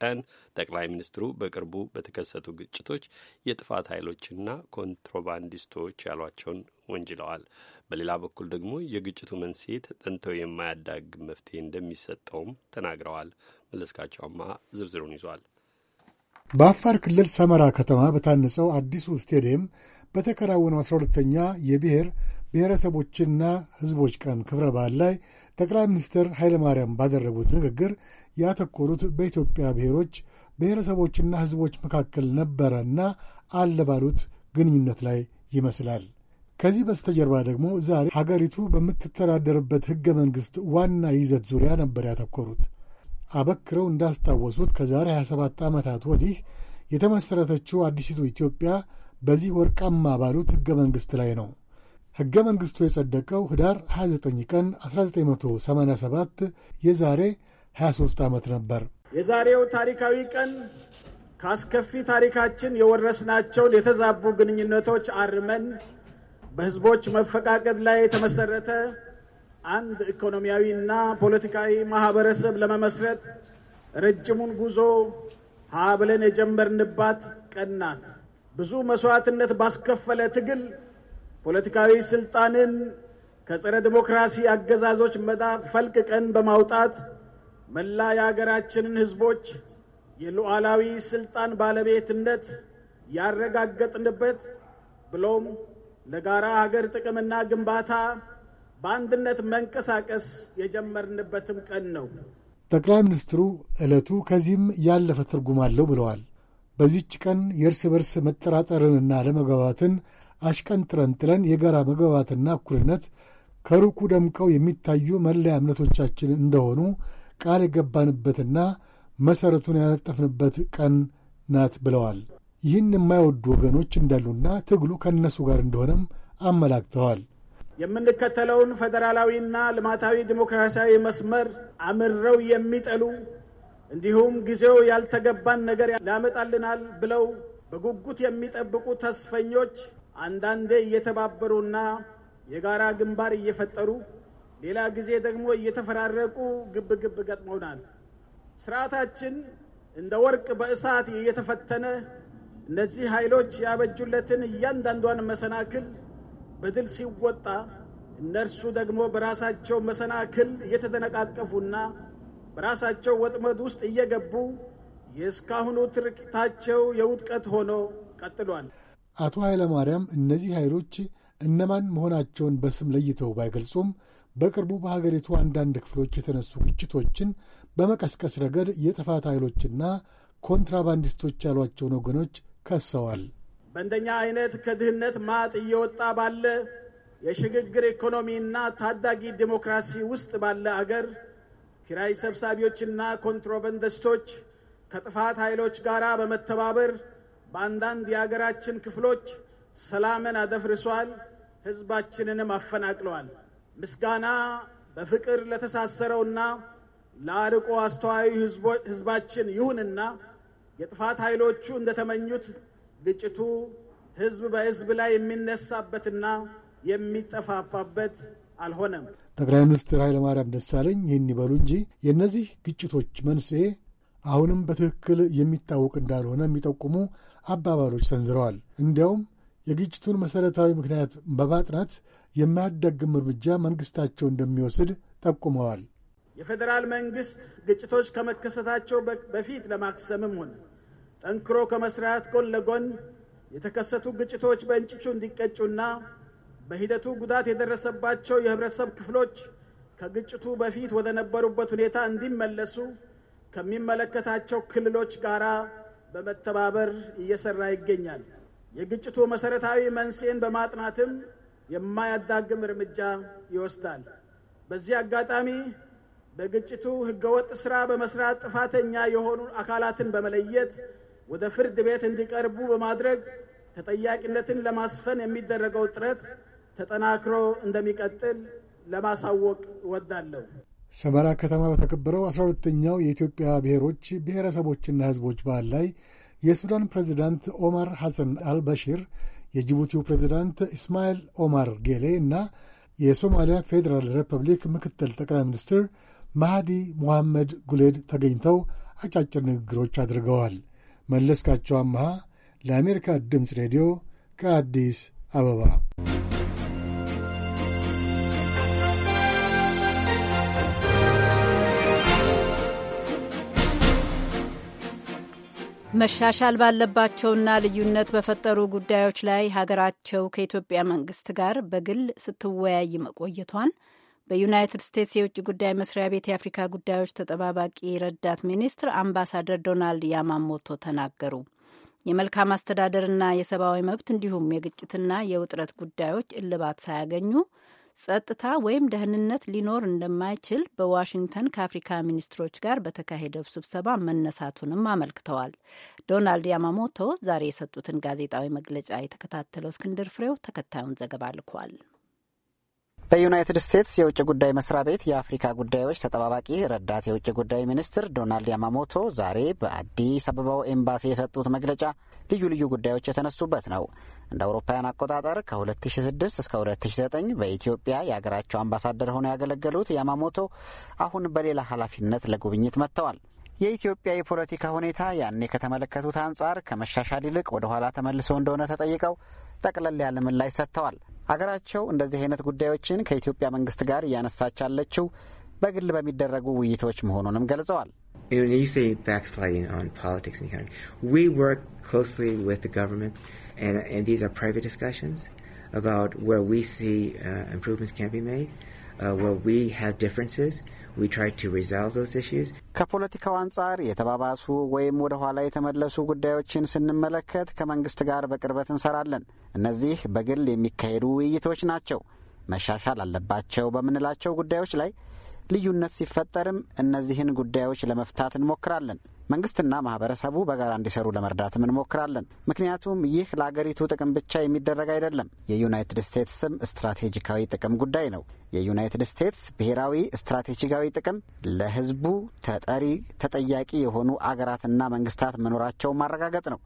ቀን ጠቅላይ ሚኒስትሩ በቅርቡ በተከሰቱ ግጭቶች የጥፋት ኃይሎችና ኮንትሮባንዲስቶች ያሏቸውን ወንጅለዋል። በሌላ በኩል ደግሞ የግጭቱ መንስኤ ተጠንተው የማያዳግም መፍትሄ እንደሚሰጠውም ተናግረዋል። መለስካቸው ዝርዝሩን ይዟል። በአፋር ክልል ሰመራ ከተማ በታነጸው አዲሱ ስቴዲየም በተከናወነው አስራ ሁለተኛ የብሔር ብሔረሰቦችና ሕዝቦች ቀን ክብረ በዓል ላይ ጠቅላይ ሚኒስትር ኃይለማርያም ባደረጉት ንግግር ያተኮሩት በኢትዮጵያ ብሔሮች ብሔረሰቦችና ሕዝቦች መካከል ነበረና አለ ባሉት ግንኙነት ላይ ይመስላል። ከዚህ በስተጀርባ ደግሞ ዛሬ ሀገሪቱ በምትተዳደርበት ሕገ መንግሥት ዋና ይዘት ዙሪያ ነበር ያተኮሩት። አበክረው እንዳስታወሱት ከዛሬ 27 ዓመታት ወዲህ የተመሠረተችው አዲሲቱ ኢትዮጵያ በዚህ ወርቃማ ባሉት ሕገ መንግሥት ላይ ነው። ሕገ መንግሥቱ የጸደቀው ኅዳር 29 ቀን 1987 የዛሬ 23 ዓመት ነበር። የዛሬው ታሪካዊ ቀን ከአስከፊ ታሪካችን የወረስናቸውን የተዛቡ ግንኙነቶች አርመን በሕዝቦች መፈቃቀድ ላይ የተመሠረተ አንድ ኢኮኖሚያዊና ፖለቲካዊ ማኅበረሰብ ለመመስረት ረጅሙን ጉዞ ሀ ብለን የጀመርንባት ቀን ናት። ብዙ መስዋዕትነት ባስከፈለ ትግል ፖለቲካዊ ስልጣንን ከጸረ ዲሞክራሲ አገዛዞች መዳፍ ፈልቅቀን በማውጣት መላ የአገራችንን ህዝቦች የሉዓላዊ ስልጣን ባለቤትነት ያረጋገጥንበት ብሎም ለጋራ ሀገር ጥቅምና ግንባታ በአንድነት መንቀሳቀስ የጀመርንበትም ቀን ነው። ጠቅላይ ሚኒስትሩ ዕለቱ ከዚህም ያለፈ ትርጉም አለው ብለዋል። በዚች ቀን የእርስ በርስ መጠራጠርንና አለመግባባትን አሽቀንጥረን ጥለን የጋራ መግባባትና እኩልነት ከሩቁ ደምቀው የሚታዩ መለያ እምነቶቻችን እንደሆኑ ቃል የገባንበትና መሠረቱን ያነጠፍንበት ቀን ናት ብለዋል። ይህን የማይወዱ ወገኖች እንዳሉና ትግሉ ከእነሱ ጋር እንደሆነም አመላክተዋል። የምንከተለውን ፌዴራላዊና ልማታዊ ዲሞክራሲያዊ መስመር አምረው የሚጠሉ እንዲሁም ጊዜው ያልተገባን ነገር ያመጣልናል ብለው በጉጉት የሚጠብቁ ተስፈኞች አንዳንዴ እየተባበሩና የጋራ ግንባር እየፈጠሩ ሌላ ጊዜ ደግሞ እየተፈራረቁ ግብግብ ገጥመውናል። ስርዓታችን እንደ ወርቅ በእሳት እየተፈተነ እነዚህ ኃይሎች ያበጁለትን እያንዳንዷን መሰናክል በድል ሲወጣ እነርሱ ደግሞ በራሳቸው መሰናክል እየተደነቃቀፉና በራሳቸው ወጥመድ ውስጥ እየገቡ የእስካሁኑ ትርክታቸው የውድቀት ሆኖ ቀጥሏል። አቶ ኃይለማርያም እነዚህ ኃይሎች እነማን መሆናቸውን በስም ለይተው ባይገልጹም በቅርቡ በሀገሪቱ አንዳንድ ክፍሎች የተነሱ ግጭቶችን በመቀስቀስ ረገድ የጥፋት ኃይሎችና ኮንትራባንዲስቶች ያሏቸውን ወገኖች ከሰዋል። በእንደኛ አይነት ከድህነት ማጥ እየወጣ ባለ የሽግግር ኢኮኖሚና ታዳጊ ዲሞክራሲ ውስጥ ባለ አገር ኪራይ ሰብሳቢዎችና ኮንትሮባንዲስቶች ከጥፋት ኃይሎች ጋር በመተባበር በአንዳንድ የሀገራችን ክፍሎች ሰላምን አደፍርሷል፣ ህዝባችንንም አፈናቅለዋል። ምስጋና በፍቅር ለተሳሰረውና ለአርቆ አስተዋዩ ህዝባችን ይሁንና የጥፋት ኃይሎቹ እንደተመኙት ግጭቱ ህዝብ በህዝብ ላይ የሚነሳበትና የሚጠፋፋበት አልሆነም። ጠቅላይ ሚኒስትር ኃይለማርያም ደሳለኝ ይህን ይበሉ እንጂ የእነዚህ ግጭቶች መንስኤ አሁንም በትክክል የሚታወቅ እንዳልሆነ የሚጠቁሙ አባባሎች ሰንዝረዋል። እንዲያውም የግጭቱን መሠረታዊ ምክንያት በማጥናት የማያዳግም እርምጃ መንግሥታቸው እንደሚወስድ ጠቁመዋል። የፌዴራል መንግሥት ግጭቶች ከመከሰታቸው በፊት ለማክሰምም ሆነ ጠንክሮ ከመስራት ጎን ለጎን የተከሰቱ ግጭቶች በእንጭቹ እንዲቀጩና በሂደቱ ጉዳት የደረሰባቸው የህብረተሰብ ክፍሎች ከግጭቱ በፊት ወደ ነበሩበት ሁኔታ እንዲመለሱ ከሚመለከታቸው ክልሎች ጋር በመተባበር እየሰራ ይገኛል። የግጭቱ መሰረታዊ መንስኤን በማጥናትም የማያዳግም እርምጃ ይወስዳል። በዚህ አጋጣሚ በግጭቱ ህገወጥ ስራ በመስራት ጥፋተኛ የሆኑ አካላትን በመለየት ወደ ፍርድ ቤት እንዲቀርቡ በማድረግ ተጠያቂነትን ለማስፈን የሚደረገው ጥረት ተጠናክሮ እንደሚቀጥል ለማሳወቅ እወዳለሁ። ሰመራ ከተማ በተከበረው አስራ ሁለተኛው የኢትዮጵያ ብሔሮች ብሔረሰቦችና ሕዝቦች በዓል ላይ የሱዳን ፕሬዚዳንት ኦማር ሐሰን አልበሺር፣ የጅቡቲው ፕሬዚዳንት ኢስማኤል ኦማር ጌሌ እና የሶማሊያ ፌዴራል ሪፐብሊክ ምክትል ጠቅላይ ሚኒስትር ማሃዲ ሙሐመድ ጉሌድ ተገኝተው አጫጭር ንግግሮች አድርገዋል። መለስካቸው አመሃ ለአሜሪካ ድምፅ ሬዲዮ ከአዲስ አበባ መሻሻል ባለባቸውና ልዩነት በፈጠሩ ጉዳዮች ላይ ሀገራቸው ከኢትዮጵያ መንግስት ጋር በግል ስትወያይ መቆየቷን በዩናይትድ ስቴትስ የውጭ ጉዳይ መስሪያ ቤት የአፍሪካ ጉዳዮች ተጠባባቂ ረዳት ሚኒስትር አምባሳደር ዶናልድ ያማሞቶ ተናገሩ። የመልካም አስተዳደርና የሰብአዊ መብት እንዲሁም የግጭትና የውጥረት ጉዳዮች እልባት ሳያገኙ ጸጥታ ወይም ደህንነት ሊኖር እንደማይችል በዋሽንግተን ከአፍሪካ ሚኒስትሮች ጋር በተካሄደው ስብሰባ መነሳቱንም አመልክተዋል። ዶናልድ ያማሞቶ ዛሬ የሰጡትን ጋዜጣዊ መግለጫ የተከታተለው እስክንድር ፍሬው ተከታዩን ዘገባ ልኳል። በዩናይትድ ስቴትስ የውጭ ጉዳይ መስሪያ ቤት የአፍሪካ ጉዳዮች ተጠባባቂ ረዳት የውጭ ጉዳይ ሚኒስትር ዶናልድ ያማሞቶ ዛሬ በአዲስ አበባው ኤምባሲ የሰጡት መግለጫ ልዩ ልዩ ጉዳዮች የተነሱበት ነው። እንደ አውሮፓውያን አቆጣጠር ከ2006 እስከ 2009 በኢትዮጵያ የአገራቸው አምባሳደር ሆነው ያገለገሉት ያማሞቶ አሁን በሌላ ኃላፊነት ለጉብኝት መጥተዋል። የኢትዮጵያ የፖለቲካ ሁኔታ ያኔ ከተመለከቱት አንጻር ከመሻሻል ይልቅ ወደ ኋላ ተመልሶ እንደሆነ ተጠይቀው ጠቅለል ያለ ምላሽ ሰጥተዋል። አገራቸው እንደዚህ አይነት ጉዳዮችን ከኢትዮጵያ መንግስት ጋር እያነሳች ያለችው በግል በሚደረጉ ውይይቶች መሆኑንም ገልጸዋል። about where we see uh, improvements can be made, uh, where we have differences, ከፖለቲካው አንጻር የተባባሱ ወይም ወደ ኋላ የተመለሱ ጉዳዮችን ስንመለከት ከመንግስት ጋር በቅርበት እንሰራለን። እነዚህ በግል የሚካሄዱ ውይይቶች ናቸው። መሻሻል አለባቸው በምንላቸው ጉዳዮች ላይ ልዩነት ሲፈጠርም እነዚህን ጉዳዮች ለመፍታት እንሞክራለን። መንግስትና ማህበረሰቡ በጋራ እንዲሰሩ ለመርዳትም እንሞክራለን። ምክንያቱም ይህ ለአገሪቱ ጥቅም ብቻ የሚደረግ አይደለም። የዩናይትድ ስቴትስም ስትራቴጂካዊ ጥቅም ጉዳይ ነው። የዩናይትድ ስቴትስ ብሔራዊ ስትራቴጂካዊ ጥቅም ለህዝቡ ተጠሪ ተጠያቂ የሆኑ አገራትና መንግስታት መኖራቸውን ማረጋገጥ ነው።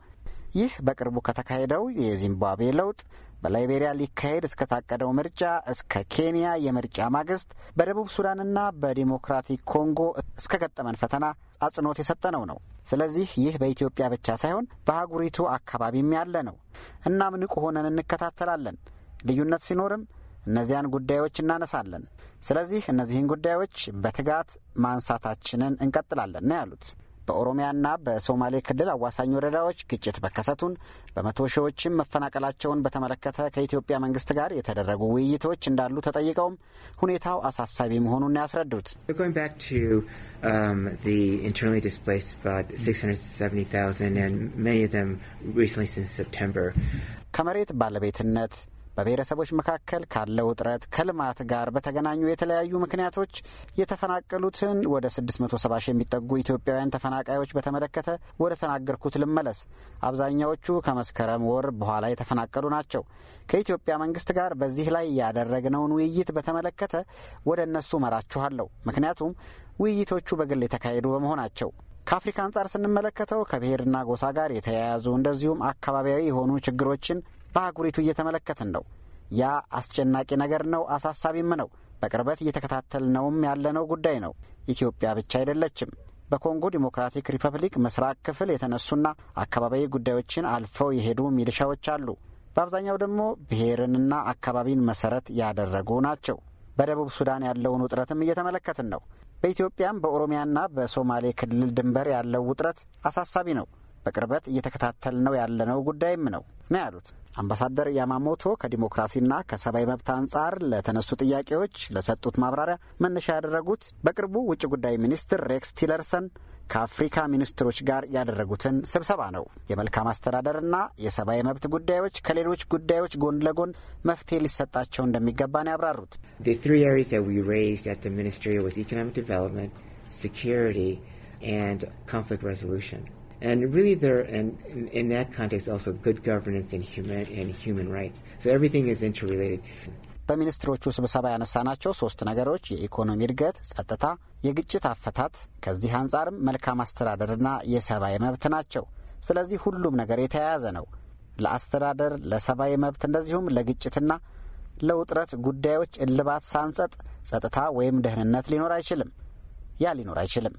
ይህ በቅርቡ ከተካሄደው የዚምባብዌ ለውጥ በላይቤሪያ ሊካሄድ እስከታቀደው ምርጫ እስከ ኬንያ የምርጫ ማግስት በደቡብ ሱዳንና በዲሞክራቲክ ኮንጎ እስከገጠመን ፈተና አጽንኦት የሰጠነው ነው። ስለዚህ ይህ በኢትዮጵያ ብቻ ሳይሆን በአህጉሪቱ አካባቢም ያለ ነው። እናም ንቁ ሆነን እንከታተላለን። ልዩነት ሲኖርም እነዚያን ጉዳዮች እናነሳለን። ስለዚህ እነዚህን ጉዳዮች በትጋት ማንሳታችንን እንቀጥላለን ነው ያሉት። በኦሮሚያና በሶማሌ ክልል አዋሳኝ ወረዳዎች ግጭት መከሰቱን በመቶ ሺዎችም መፈናቀላቸውን በተመለከተ ከኢትዮጵያ መንግስት ጋር የተደረጉ ውይይቶች እንዳሉ ተጠይቀውም ሁኔታው አሳሳቢ መሆኑን ያስረዱት um, ከመሬት ባለቤትነት በብሔረሰቦች መካከል ካለው ውጥረት ከልማት ጋር በተገናኙ የተለያዩ ምክንያቶች የተፈናቀሉትን ወደ 670 ሺህ የሚጠጉ ኢትዮጵያውያን ተፈናቃዮች በተመለከተ ወደ ተናገርኩት ልመለስ። አብዛኛዎቹ ከመስከረም ወር በኋላ የተፈናቀሉ ናቸው። ከኢትዮጵያ መንግስት ጋር በዚህ ላይ ያደረግነውን ውይይት በተመለከተ ወደ እነሱ መራችኋለሁ። ምክንያቱም ውይይቶቹ በግል የተካሄዱ በመሆናቸው ከአፍሪካ አንጻር ስንመለከተው ከብሔርና ጎሳ ጋር የተያያዙ እንደዚሁም አካባቢያዊ የሆኑ ችግሮችን በአህጉሪቱ እየተመለከትን ነው። ያ አስጨናቂ ነገር ነው፣ አሳሳቢም ነው። በቅርበት እየተከታተልነውም ያለነው ጉዳይ ነው። ኢትዮጵያ ብቻ አይደለችም። በኮንጎ ዲሞክራቲክ ሪፐብሊክ ምስራቅ ክፍል የተነሱና አካባቢዊ ጉዳዮችን አልፈው የሄዱ ሚልሻዎች አሉ። በአብዛኛው ደግሞ ብሔርንና አካባቢን መሰረት ያደረጉ ናቸው። በደቡብ ሱዳን ያለውን ውጥረትም እየተመለከትን ነው። በኢትዮጵያም በኦሮሚያና በሶማሌ ክልል ድንበር ያለው ውጥረት አሳሳቢ ነው። በቅርበት እየተከታተልነው ያለነው ጉዳይም ነው። ነው ያሉት። አምባሳደር ያማሞቶ ከዲሞክራሲና ከሰብአዊ መብት አንጻር ለተነሱ ጥያቄዎች ለሰጡት ማብራሪያ መነሻ ያደረጉት በቅርቡ ውጭ ጉዳይ ሚኒስትር ሬክስ ቲለርሰን ከአፍሪካ ሚኒስትሮች ጋር ያደረጉትን ስብሰባ ነው። የመልካም አስተዳደርና የሰብአዊ መብት ጉዳዮች ከሌሎች ጉዳዮች ጎን ለጎን መፍትሄ ሊሰጣቸው እንደሚገባ ነው ያብራሩት። ኢኮኖሚክ ዲቨሎፕመንት፣ ሴኩሪቲ And really, there and in, in that context, also good governance and human and human rights. So everything is interrelated. በሚኒስትሮቹ ስብሰባ ያነሳናቸው ሶስት ነገሮች የኢኮኖሚ እድገት፣ ጸጥታ፣ የግጭት አፈታት፣ ከዚህ አንጻርም መልካም አስተዳደርና የሰብአዊ መብት ናቸው። ስለዚህ ሁሉም ነገር የተያያዘ ነው። ለአስተዳደር፣ ለሰብአዊ መብት እንደዚሁም ለግጭትና ለውጥረት ጉዳዮች እልባት ሳንሰጥ ጸጥታ ወይም ደህንነት ሊኖር አይችልም። ያ ሊኖር አይችልም።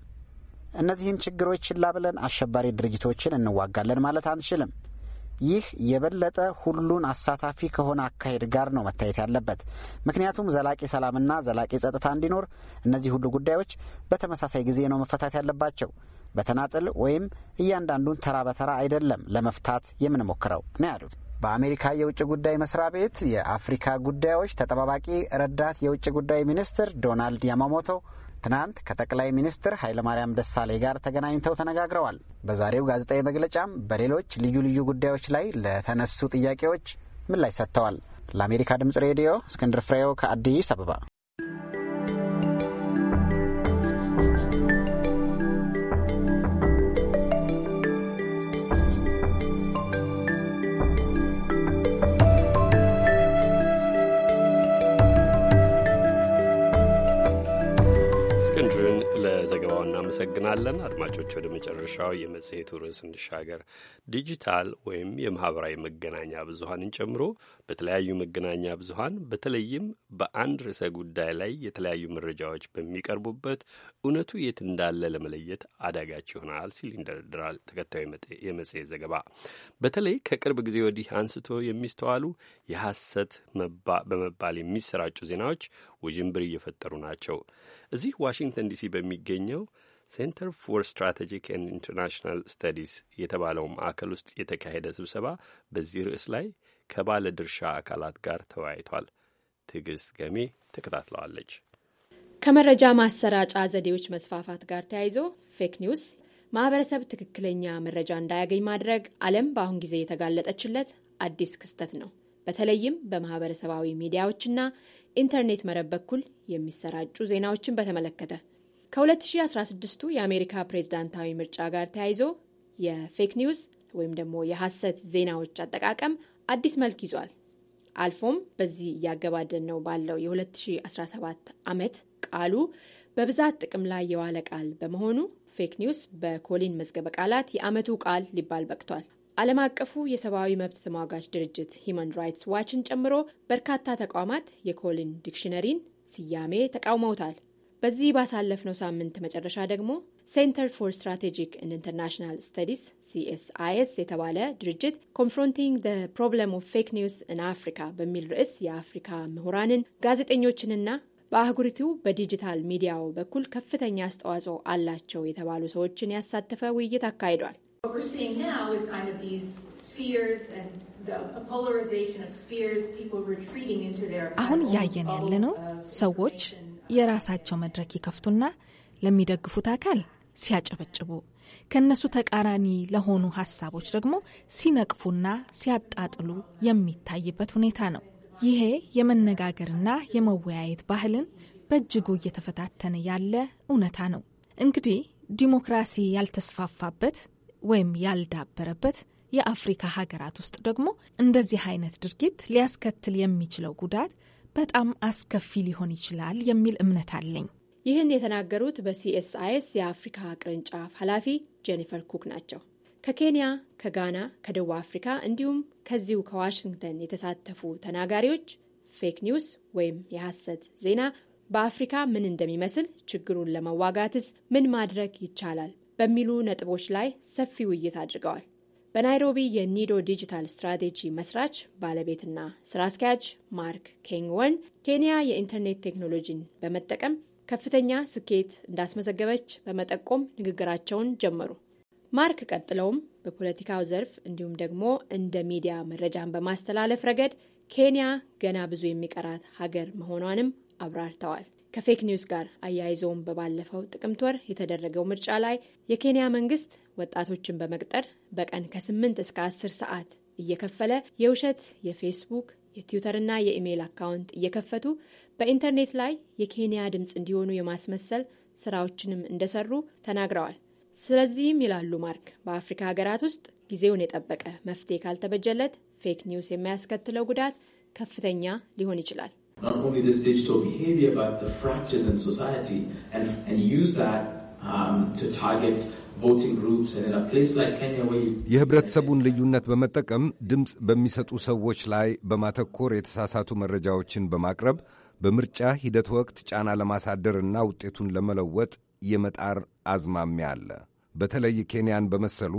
እነዚህን ችግሮች ችላ ብለን አሸባሪ ድርጅቶችን እንዋጋለን ማለት አንችልም። ይህ የበለጠ ሁሉን አሳታፊ ከሆነ አካሄድ ጋር ነው መታየት ያለበት። ምክንያቱም ዘላቂ ሰላምና ዘላቂ ጸጥታ እንዲኖር እነዚህ ሁሉ ጉዳዮች በተመሳሳይ ጊዜ ነው መፈታት ያለባቸው። በተናጥል ወይም እያንዳንዱን ተራ በተራ አይደለም ለመፍታት የምንሞክረው ነው ያሉት። በአሜሪካ የውጭ ጉዳይ መስሪያ ቤት የአፍሪካ ጉዳዮች ተጠባባቂ ረዳት የውጭ ጉዳይ ሚኒስትር ዶናልድ ያማሞቶ ትናንት ከጠቅላይ ሚኒስትር ኃይለማርያም ደሳሌ ጋር ተገናኝተው ተነጋግረዋል። በዛሬው ጋዜጣዊ መግለጫም በሌሎች ልዩ ልዩ ጉዳዮች ላይ ለተነሱ ጥያቄዎች ምላሽ ሰጥተዋል። ለአሜሪካ ድምጽ ሬዲዮ እስክንድር ፍሬው ከአዲስ አበባ እናመሰግናለን። አድማጮች ወደ መጨረሻው የመጽሔቱ ርዕስ እንሻገር። ዲጂታል ወይም የማህበራዊ መገናኛ ብዙሀንን ጨምሮ በተለያዩ መገናኛ ብዙሀን በተለይም በአንድ ርዕሰ ጉዳይ ላይ የተለያዩ መረጃዎች በሚቀርቡበት እውነቱ የት እንዳለ ለመለየት አዳጋች ይሆናል ሲል ይንደረድራል ተከታዩ የመጽሔት ዘገባ። በተለይ ከቅርብ ጊዜ ወዲህ አንስቶ የሚስተዋሉ የሐሰት በመባል የሚሰራጩ ዜናዎች ውዥንብር እየፈጠሩ ናቸው። እዚህ ዋሽንግተን ዲሲ በሚገኘው ሴንተር ፎር ስትራቴጂክ ኤንድ ኢንተርናሽናል ስተዲስ የተባለው ማዕከል ውስጥ የተካሄደ ስብሰባ በዚህ ርዕስ ላይ ከባለ ድርሻ አካላት ጋር ተወያይቷል። ትዕግስት ገሜ ተከታትለዋለች። ከመረጃ ማሰራጫ ዘዴዎች መስፋፋት ጋር ተያይዞ ፌክ ኒውስ ማህበረሰብ ትክክለኛ መረጃ እንዳያገኝ ማድረግ ዓለም በአሁን ጊዜ የተጋለጠችለት አዲስ ክስተት ነው። በተለይም በማህበረሰባዊ ሚዲያዎችና ኢንተርኔት መረብ በኩል የሚሰራጩ ዜናዎችን በተመለከተ ከ2016ቱ የአሜሪካ ፕሬዝዳንታዊ ምርጫ ጋር ተያይዞ የፌክ ኒውስ ወይም ደግሞ የሐሰት ዜናዎች አጠቃቀም አዲስ መልክ ይዟል። አልፎም በዚህ እያገባደን ነው ባለው የ2017 ዓመት ቃሉ በብዛት ጥቅም ላይ የዋለ ቃል በመሆኑ ፌክ ኒውስ በኮሊን መዝገበ ቃላት የዓመቱ ቃል ሊባል በቅቷል። ዓለም አቀፉ የሰብአዊ መብት ተሟጋች ድርጅት ሂዩማን ራይትስ ዋችን ጨምሮ በርካታ ተቋማት የኮሊን ዲክሽነሪን ስያሜ ተቃውመውታል። በዚህ ባሳለፍነው ሳምንት መጨረሻ ደግሞ ሴንተር ፎር ስትራቴጂክ ኢንተርናሽናል ስተዲስ ሲኤስአይኤስ የተባለ ድርጅት ኮንፍሮንቲንግ ዘ ፕሮብለም ኦፍ ፌክ ኒውስ ኢን አፍሪካ በሚል ርዕስ የአፍሪካ ምሁራንን ጋዜጠኞችንና በአህጉሪቱ በዲጂታል ሚዲያው በኩል ከፍተኛ አስተዋጽኦ አላቸው የተባሉ ሰዎችን ያሳተፈ ውይይት አካሂዷል። አሁን እያየን ያለ ነው ሰዎች የራሳቸው መድረክ ይከፍቱና ለሚደግፉት አካል ሲያጨበጭቡ ከእነሱ ተቃራኒ ለሆኑ ሀሳቦች ደግሞ ሲነቅፉና ሲያጣጥሉ የሚታይበት ሁኔታ ነው። ይሄ የመነጋገርና የመወያየት ባህልን በእጅጉ እየተፈታተነ ያለ እውነታ ነው። እንግዲህ ዲሞክራሲ ያልተስፋፋበት ወይም ያልዳበረበት የአፍሪካ ሀገራት ውስጥ ደግሞ እንደዚህ አይነት ድርጊት ሊያስከትል የሚችለው ጉዳት በጣም አስከፊ ሊሆን ይችላል የሚል እምነት አለኝ። ይህን የተናገሩት በሲኤስአይኤስ የአፍሪካ ቅርንጫፍ ኃላፊ ጄኒፈር ኩክ ናቸው። ከኬንያ፣ ከጋና፣ ከደቡብ አፍሪካ እንዲሁም ከዚሁ ከዋሽንግተን የተሳተፉ ተናጋሪዎች ፌክ ኒውስ ወይም የሐሰት ዜና በአፍሪካ ምን እንደሚመስል፣ ችግሩን ለመዋጋትስ ምን ማድረግ ይቻላል በሚሉ ነጥቦች ላይ ሰፊ ውይይት አድርገዋል። በናይሮቢ የኒዶ ዲጂታል ስትራቴጂ መስራች ባለቤትና ስራ አስኪያጅ ማርክ ኬንግወን ኬንያ የኢንተርኔት ቴክኖሎጂን በመጠቀም ከፍተኛ ስኬት እንዳስመዘገበች በመጠቆም ንግግራቸውን ጀመሩ። ማርክ ቀጥለውም በፖለቲካው ዘርፍ እንዲሁም ደግሞ እንደ ሚዲያ መረጃን በማስተላለፍ ረገድ ኬንያ ገና ብዙ የሚቀራት ሀገር መሆኗንም አብራርተዋል። ከፌክ ኒውስ ጋር አያይዘውም በባለፈው ጥቅምት ወር የተደረገው ምርጫ ላይ የኬንያ መንግስት ወጣቶችን በመቅጠር በቀን ከ8 እስከ 10 ሰዓት እየከፈለ የውሸት የፌስቡክ የትዊተርና የኢሜይል አካውንት እየከፈቱ በኢንተርኔት ላይ የኬንያ ድምፅ እንዲሆኑ የማስመሰል ስራዎችንም እንደሰሩ ተናግረዋል። ስለዚህም ይላሉ ማርክ፣ በአፍሪካ ሀገራት ውስጥ ጊዜውን የጠበቀ መፍትሄ ካልተበጀለት ፌክ ኒውስ የሚያስከትለው ጉዳት ከፍተኛ ሊሆን ይችላል። not only this digital behavior, but the fractures in society, and, and use that um, to target የህብረተሰቡን ልዩነት በመጠቀም ድምፅ በሚሰጡ ሰዎች ላይ በማተኮር የተሳሳቱ መረጃዎችን በማቅረብ በምርጫ ሂደት ወቅት ጫና ለማሳደርና ውጤቱን ለመለወጥ የመጣር አዝማሚያ አለ። በተለይ ኬንያን በመሰሉ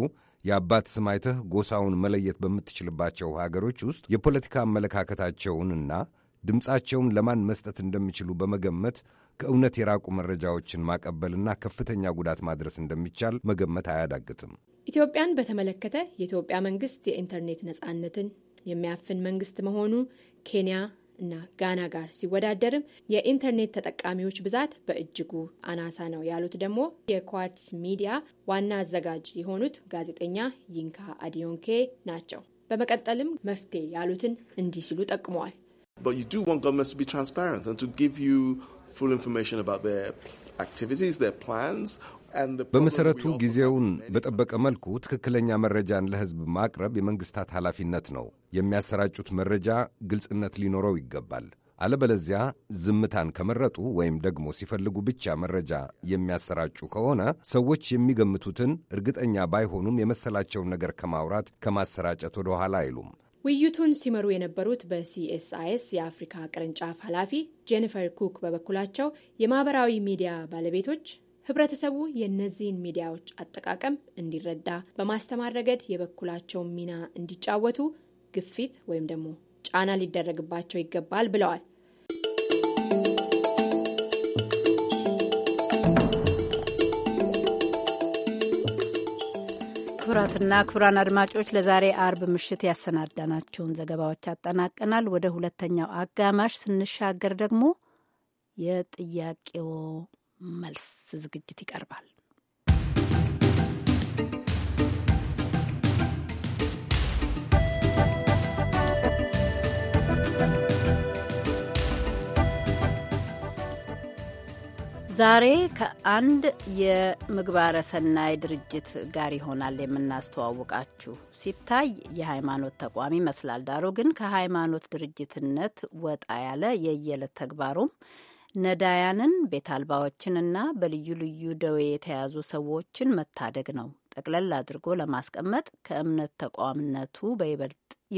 የአባት ስም አይተህ ጎሳውን መለየት በምትችልባቸው ሀገሮች ውስጥ የፖለቲካ አመለካከታቸውንና ድምፃቸውን ለማን መስጠት እንደሚችሉ በመገመት ከእውነት የራቁ መረጃዎችን ማቀበልና ከፍተኛ ጉዳት ማድረስ እንደሚቻል መገመት አያዳግትም። ኢትዮጵያን በተመለከተ የኢትዮጵያ መንግስት የኢንተርኔት ነጻነትን የሚያፍን መንግስት መሆኑ ኬንያ እና ጋና ጋር ሲወዳደርም የኢንተርኔት ተጠቃሚዎች ብዛት በእጅጉ አናሳ ነው ያሉት ደግሞ የኳርትስ ሚዲያ ዋና አዘጋጅ የሆኑት ጋዜጠኛ ይንካ አዲዮንኬ ናቸው። በመቀጠልም መፍትሄ ያሉትን እንዲህ ሲሉ ጠቅመዋል። But you do want governments to be transparent and to give you full information about their activities, their plans. በመሰረቱ ጊዜውን በጠበቀ መልኩ ትክክለኛ መረጃን ለሕዝብ ማቅረብ የመንግስታት ኃላፊነት ነው። የሚያሰራጩት መረጃ ግልጽነት ሊኖረው ይገባል። አለበለዚያ ዝምታን ከመረጡ ወይም ደግሞ ሲፈልጉ ብቻ መረጃ የሚያሰራጩ ከሆነ ሰዎች የሚገምቱትን እርግጠኛ ባይሆኑም የመሰላቸውን ነገር ከማውራት ከማሰራጨት ወደ ኋላ አይሉም። ውይይቱን ሲመሩ የነበሩት በሲኤስአይኤስ የአፍሪካ ቅርንጫፍ ኃላፊ ጄኒፈር ኩክ በበኩላቸው የማህበራዊ ሚዲያ ባለቤቶች ህብረተሰቡ የእነዚህን ሚዲያዎች አጠቃቀም እንዲረዳ በማስተማር ረገድ የበኩላቸውን ሚና እንዲጫወቱ ግፊት ወይም ደግሞ ጫና ሊደረግባቸው ይገባል ብለዋል። ክቡራትና ክቡራን አድማጮች ለዛሬ አርብ ምሽት ያሰናዳናቸውን ዘገባዎች አጠናቀናል። ወደ ሁለተኛው አጋማሽ ስንሻገር ደግሞ የጥያቄው መልስ ዝግጅት ይቀርባል። ዛሬ ከአንድ የምግባረ ሰናይ ድርጅት ጋር ይሆናል የምናስተዋውቃችሁ። ሲታይ የሃይማኖት ተቋም ይመስላል። ዳሩ ግን ከሃይማኖት ድርጅትነት ወጣ ያለ የየዕለት ተግባሩም ነዳያንን፣ ቤት አልባዎችንና በልዩ ልዩ ደዌ የተያዙ ሰዎችን መታደግ ነው። ጠቅለል አድርጎ ለማስቀመጥ ከእምነት ተቋምነቱ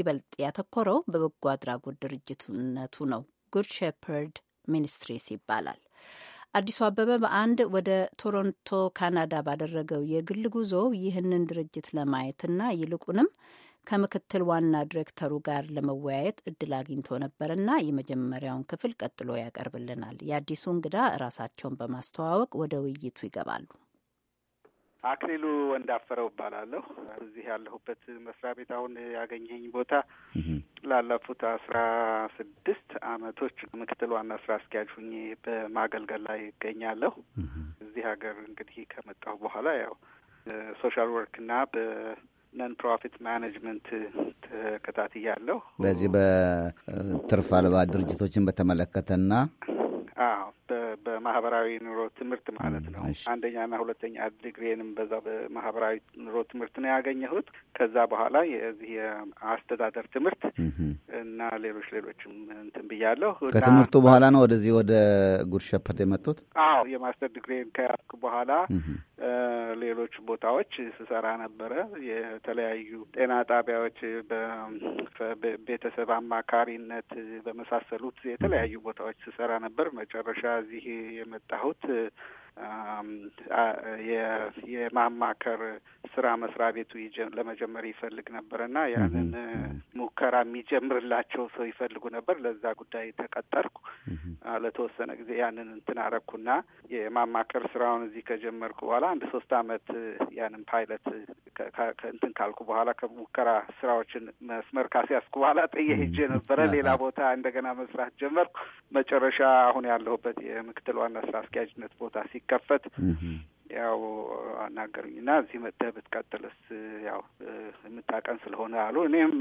ይበልጥ ያተኮረው በበጎ አድራጎት ድርጅትነቱ ነው። ጉድ ሼፐርድ ሚኒስትሪስ ይባላል። አዲሱ አበበ በአንድ ወደ ቶሮንቶ ካናዳ ባደረገው የግል ጉዞ ይህንን ድርጅት ለማየትና ይልቁንም ከምክትል ዋና ዲሬክተሩ ጋር ለመወያየት እድል አግኝቶ ነበርና የመጀመሪያውን ክፍል ቀጥሎ ያቀርብልናል። የአዲሱ እንግዳ ራሳቸውን በማስተዋወቅ ወደ ውይይቱ ይገባሉ። አክሊሉ ወንዳፈረው እባላለሁ። እዚህ ያለሁበት መስሪያ ቤት አሁን ያገኘኝ ቦታ ላለፉት አስራ ስድስት አመቶች ምክትል ዋና ስራ አስኪያጅ ሁኜ በማገልገል ላይ ይገኛለሁ። እዚህ ሀገር እንግዲህ ከመጣሁ በኋላ ያው ሶሻል ወርክና በነን ፕሮፊት ማኔጅመንት ተከታትያለሁ። በዚህ በትርፍ አልባ ድርጅቶችን በተመለከተና አዎ ማህበራዊ ኑሮ ትምህርት ማለት ነው። አንደኛና ሁለተኛ ዲግሪንም በዛ በማህበራዊ ኑሮ ትምህርት ነው ያገኘሁት። ከዛ በኋላ የዚህ የአስተዳደር ትምህርት እና ሌሎች ሌሎችም እንትን ብያለሁ። ከትምህርቱ በኋላ ነው ወደዚህ ወደ ጉድ ሸፐርድ የመጡት? አዎ የማስተር ዲግሪን ከያዝኩ በኋላ ሌሎች ቦታዎች ስሰራ ነበረ። የተለያዩ ጤና ጣቢያዎች በቤተሰብ አማካሪነት በመሳሰሉት የተለያዩ ቦታዎች ስሰራ ነበር። መጨረሻ እዚህ የመጣሁት የማማከር ስራ መስሪያ ቤቱ ለመጀመር ይፈልግ ነበርና ያንን ሙከራ የሚጀምርላቸው ሰው ይፈልጉ ነበር። ለዛ ጉዳይ ተቀጠርኩ። ለተወሰነ ጊዜ ያንን እንትን አረኩና የማማከር ስራውን እዚህ ከጀመርኩ በኋላ አንድ ሶስት አመት ያንን ፓይለት እንትን ካልኩ በኋላ ከሙከራ ስራዎችን መስመር ካስያዝኩ በኋላ ጥዬ ሄጄ ነበረ። ሌላ ቦታ እንደገና መስራት ጀመርኩ። መጨረሻ አሁን ያለሁበት የምክትል ዋና ስራ አስኪያጅነት ቦታ ሲ ሲከፈት ያው አናገሩኝ እና እዚህ መጥተህ ብትቀጥልስ ያው የምታቀን ስለሆነ አሉ። እኔም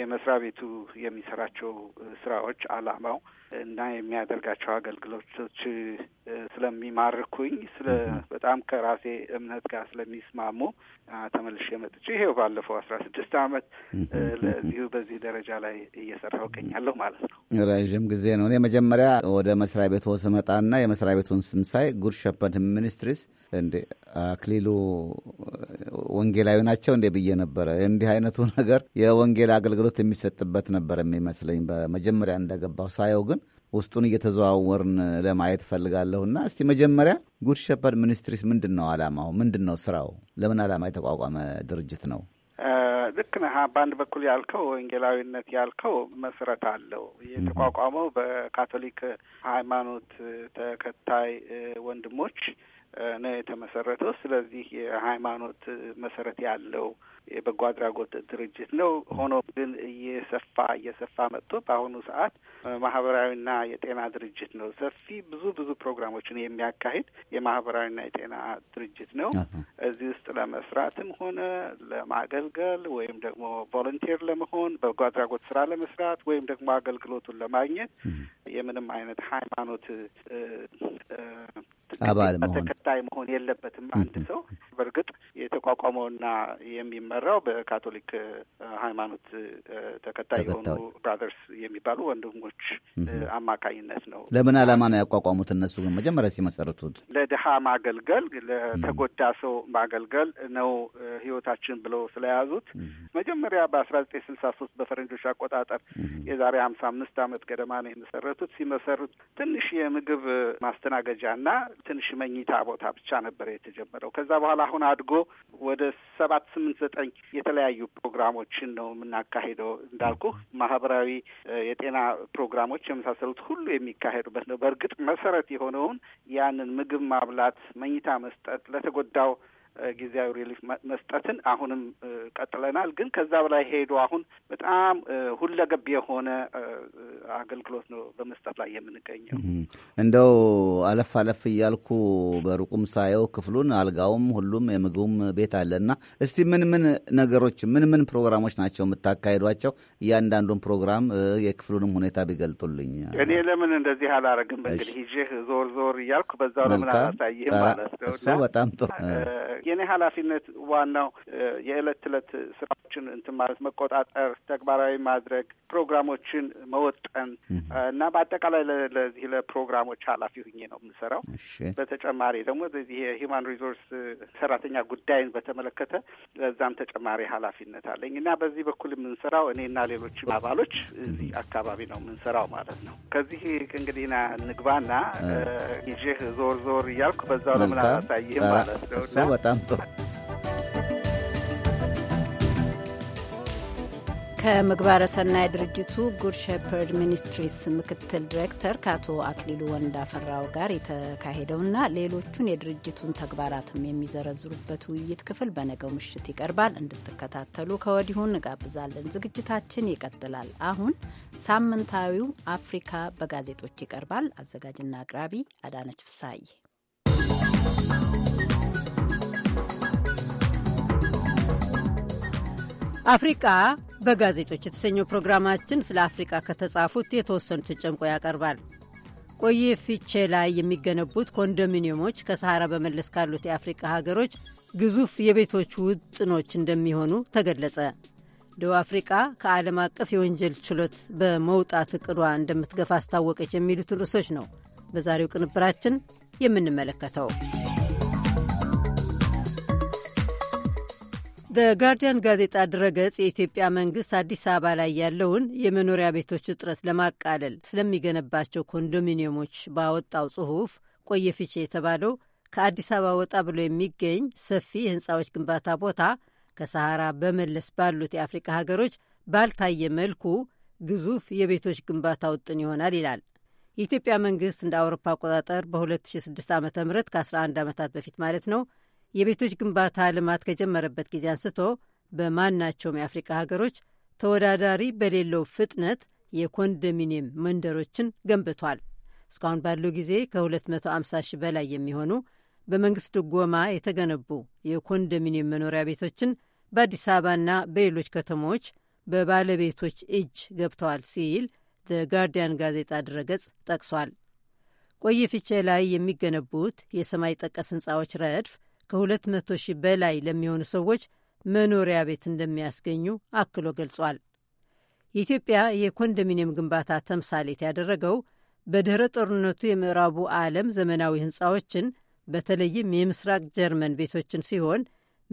የመስሪያ ቤቱ የሚሰራቸው ስራዎች አላማው እና የሚያደርጋቸው አገልግሎቶች ስለሚማርኩኝ ስለ በጣም ከራሴ እምነት ጋር ስለሚስማሙ ተመልሼ መጥቼ ይሄው ባለፈው አስራ ስድስት አመት ለዚሁ በዚህ ደረጃ ላይ እየሰራሁ እገኛለሁ ማለት ነው። ረዥም ጊዜ ነው። እኔ መጀመሪያ ወደ መስሪያ ቤት ስመጣና የመስሪያ ቤቱን ስም ሳይ ጉድ ሸፐርድ ሚኒስትሪስ እንዴ አክሊሉ ወንጌላዊ ናቸው እንዴ ብዬ ነበረ። እንዲህ አይነቱ ነገር የወንጌል አገልግሎት የሚሰጥበት ነበር የሚመስለኝ በመጀመሪያ እንደገባው ሳየው ግን ግን ውስጡን እየተዘዋወርን ለማየት እፈልጋለሁና እስቲ መጀመሪያ ጉድ ሸፐርድ ሚኒስትሪስ ምንድን ነው አላማው? ምንድን ነው ስራው? ለምን ዓላማ የተቋቋመ ድርጅት ነው? ልክ ነህ። በአንድ በኩል ያልከው ወንጌላዊነት ያልከው መሰረት አለው። የተቋቋመው በካቶሊክ ሃይማኖት ተከታይ ወንድሞች ነው የተመሰረተው። ስለዚህ የሃይማኖት መሰረት ያለው የበጎ አድራጎት ድርጅት ነው። ሆኖ ግን እየሰፋ እየሰፋ መጥቶ በአሁኑ ሰዓት ማህበራዊና የጤና ድርጅት ነው። ሰፊ ብዙ ብዙ ፕሮግራሞችን የሚያካሂድ የማህበራዊና የጤና ድርጅት ነው። እዚህ ውስጥ ለመስራትም ሆነ ለማገልገል ወይም ደግሞ ቮለንቲር ለመሆን በጎ አድራጎት ስራ ለመስራት ወይም ደግሞ አገልግሎቱን ለማግኘት የምንም አይነት ሃይማኖት አባል ተከታይ መሆን የለበትም። አንድ ሰው በእርግጥ የተቋቋመውና የሚመራው በካቶሊክ ሃይማኖት ተከታይ የሆኑ ብራዘርስ የሚባሉ ወንድሞች አማካኝነት ነው። ለምን ዓላማ ነው ያቋቋሙት? እነሱ ግን መጀመሪያ ሲመሰርቱት ለድሃ ማገልገል፣ ለተጎዳ ሰው ማገልገል ነው ህይወታችን ብለው ስለያዙት መጀመሪያ በአስራ ዘጠኝ ስልሳ ሶስት በፈረንጆች አቆጣጠር የዛሬ ሀምሳ አምስት ዓመት ገደማ ነው የመሰረቱት። ሲመሰርቱ ትንሽ የምግብ ማስተናገጃና ትንሽ መኝታ ቦታ ብቻ ነበር የተጀመረው። ከዛ በኋላ አሁን አድጎ ወደ ሰባት ስምንት ዘጠኝ የተለያዩ ፕሮግራሞችን ነው የምናካሄደው። እንዳልኩ ማህበራዊ የጤና ፕሮግራሞች የመሳሰሉት ሁሉ የሚካሄዱበት ነው። በእርግጥ መሰረት የሆነውን ያንን ምግብ ማብላት፣ መኝታ መስጠት ለተጎዳው ጊዜያዊ ሪሊፍ መስጠትን አሁንም ቀጥለናል። ግን ከዛ በላይ ሄዶ አሁን በጣም ሁለገብ የሆነ አገልግሎት ነው በመስጠት ላይ የምንገኘው። እንደው አለፍ አለፍ እያልኩ በሩቁም ሳየው ክፍሉን አልጋውም፣ ሁሉም የምግቡም ቤት አለና እስቲ ምን ምን ነገሮች ምን ምን ፕሮግራሞች ናቸው የምታካሂዷቸው? እያንዳንዱን ፕሮግራም የክፍሉንም ሁኔታ ቢገልጡልኝ። እኔ ለምን እንደዚህ አላረግም እንግዲህ ይዤ ዞር ዞር እያልኩ በዛው ለምን አላሳይህም ማለት ነው። በጣም ጥሩ የእኔ ኃላፊነት ዋናው የእለት ተዕለት ስራዎችን እንትን ማለት መቆጣጠር፣ ተግባራዊ ማድረግ፣ ፕሮግራሞችን መወጠን እና በአጠቃላይ ለዚህ ለፕሮግራሞች ኃላፊ ሁኜ ነው የምሰራው። በተጨማሪ ደግሞ በዚህ የሂውማን ሪሶርስ ሰራተኛ ጉዳይን በተመለከተ ለዛም ተጨማሪ ኃላፊነት አለኝ እና በዚህ በኩል የምንሰራው እኔና ሌሎች አባሎች እዚህ አካባቢ ነው የምንሰራው ማለት ነው። ከዚህ እንግዲህ ና እንግባና ዞር ዞር እያልኩ በዛው ለምን አላሳይህም ማለት ነው እና እናንተ ከምግባረ ሰናይ ድርጅቱ ጉድ ሸፐርድ ሚኒስትሪስ ምክትል ዲሬክተር ከአቶ አክሊሉ ወንዳፈራው ጋር የተካሄደውና ሌሎቹን የድርጅቱን ተግባራትም የሚዘረዝሩበት ውይይት ክፍል በነገው ምሽት ይቀርባል። እንድትከታተሉ ከወዲሁ እንጋብዛለን። ዝግጅታችን ይቀጥላል። አሁን ሳምንታዊው አፍሪካ በጋዜጦች ይቀርባል። አዘጋጅና አቅራቢ አዳነች ፍሳዬ አፍሪቃ በጋዜጦች የተሰኘው ፕሮግራማችን ስለ አፍሪቃ ከተጻፉት የተወሰኑትን ጨምቆ ያቀርባል። ቆየ ፊቼ ላይ የሚገነቡት ኮንዶሚኒየሞች ከሰሃራ በመለስ ካሉት የአፍሪቃ ሀገሮች ግዙፍ የቤቶች ውጥኖች እንደሚሆኑ ተገለጸ። ደቡብ አፍሪቃ ከዓለም አቀፍ የወንጀል ችሎት በመውጣት እቅዷ እንደምትገፋ አስታወቀች። የሚሉትን ርዕሶች ነው በዛሬው ቅንብራችን የምንመለከተው። ጋርዲያን ጋዜጣ ድረገጽ የኢትዮጵያ መንግስት አዲስ አበባ ላይ ያለውን የመኖሪያ ቤቶች እጥረት ለማቃለል ስለሚገነባቸው ኮንዶሚኒየሞች ባወጣው ጽሑፍ ቆየ ፊቼ የተባለው ከአዲስ አበባ ወጣ ብሎ የሚገኝ ሰፊ የህንፃዎች ግንባታ ቦታ ከሰሃራ በመለስ ባሉት የአፍሪካ ሀገሮች ባልታየ መልኩ ግዙፍ የቤቶች ግንባታ ውጥን ይሆናል ይላል። የኢትዮጵያ መንግስት እንደ አውሮፓ አቆጣጠር በ2006 ዓ ም ከ11 ዓመታት በፊት ማለት ነው የቤቶች ግንባታ ልማት ከጀመረበት ጊዜ አንስቶ በማናቸውም የአፍሪካ ሀገሮች ተወዳዳሪ በሌለው ፍጥነት የኮንዶሚኒየም መንደሮችን ገንብቷል። እስካሁን ባለው ጊዜ ከ250 ሺህ በላይ የሚሆኑ በመንግሥት ድጎማ የተገነቡ የኮንዶሚኒየም መኖሪያ ቤቶችን በአዲስ አበባና በሌሎች ከተሞች በባለቤቶች እጅ ገብተዋል ሲል ዘ ጋርዲያን ጋዜጣ ድረገጽ ጠቅሷል። ቆየ ላይ የሚገነቡት የሰማይ ጠቀስ ህንፃዎች ረድፍ ከ200 ሺህ በላይ ለሚሆኑ ሰዎች መኖሪያ ቤት እንደሚያስገኙ አክሎ ገልጿል። የኢትዮጵያ የኮንዶሚኒየም ግንባታ ተምሳሌት ያደረገው በድኅረ ጦርነቱ የምዕራቡ ዓለም ዘመናዊ ሕንፃዎችን በተለይም የምስራቅ ጀርመን ቤቶችን ሲሆን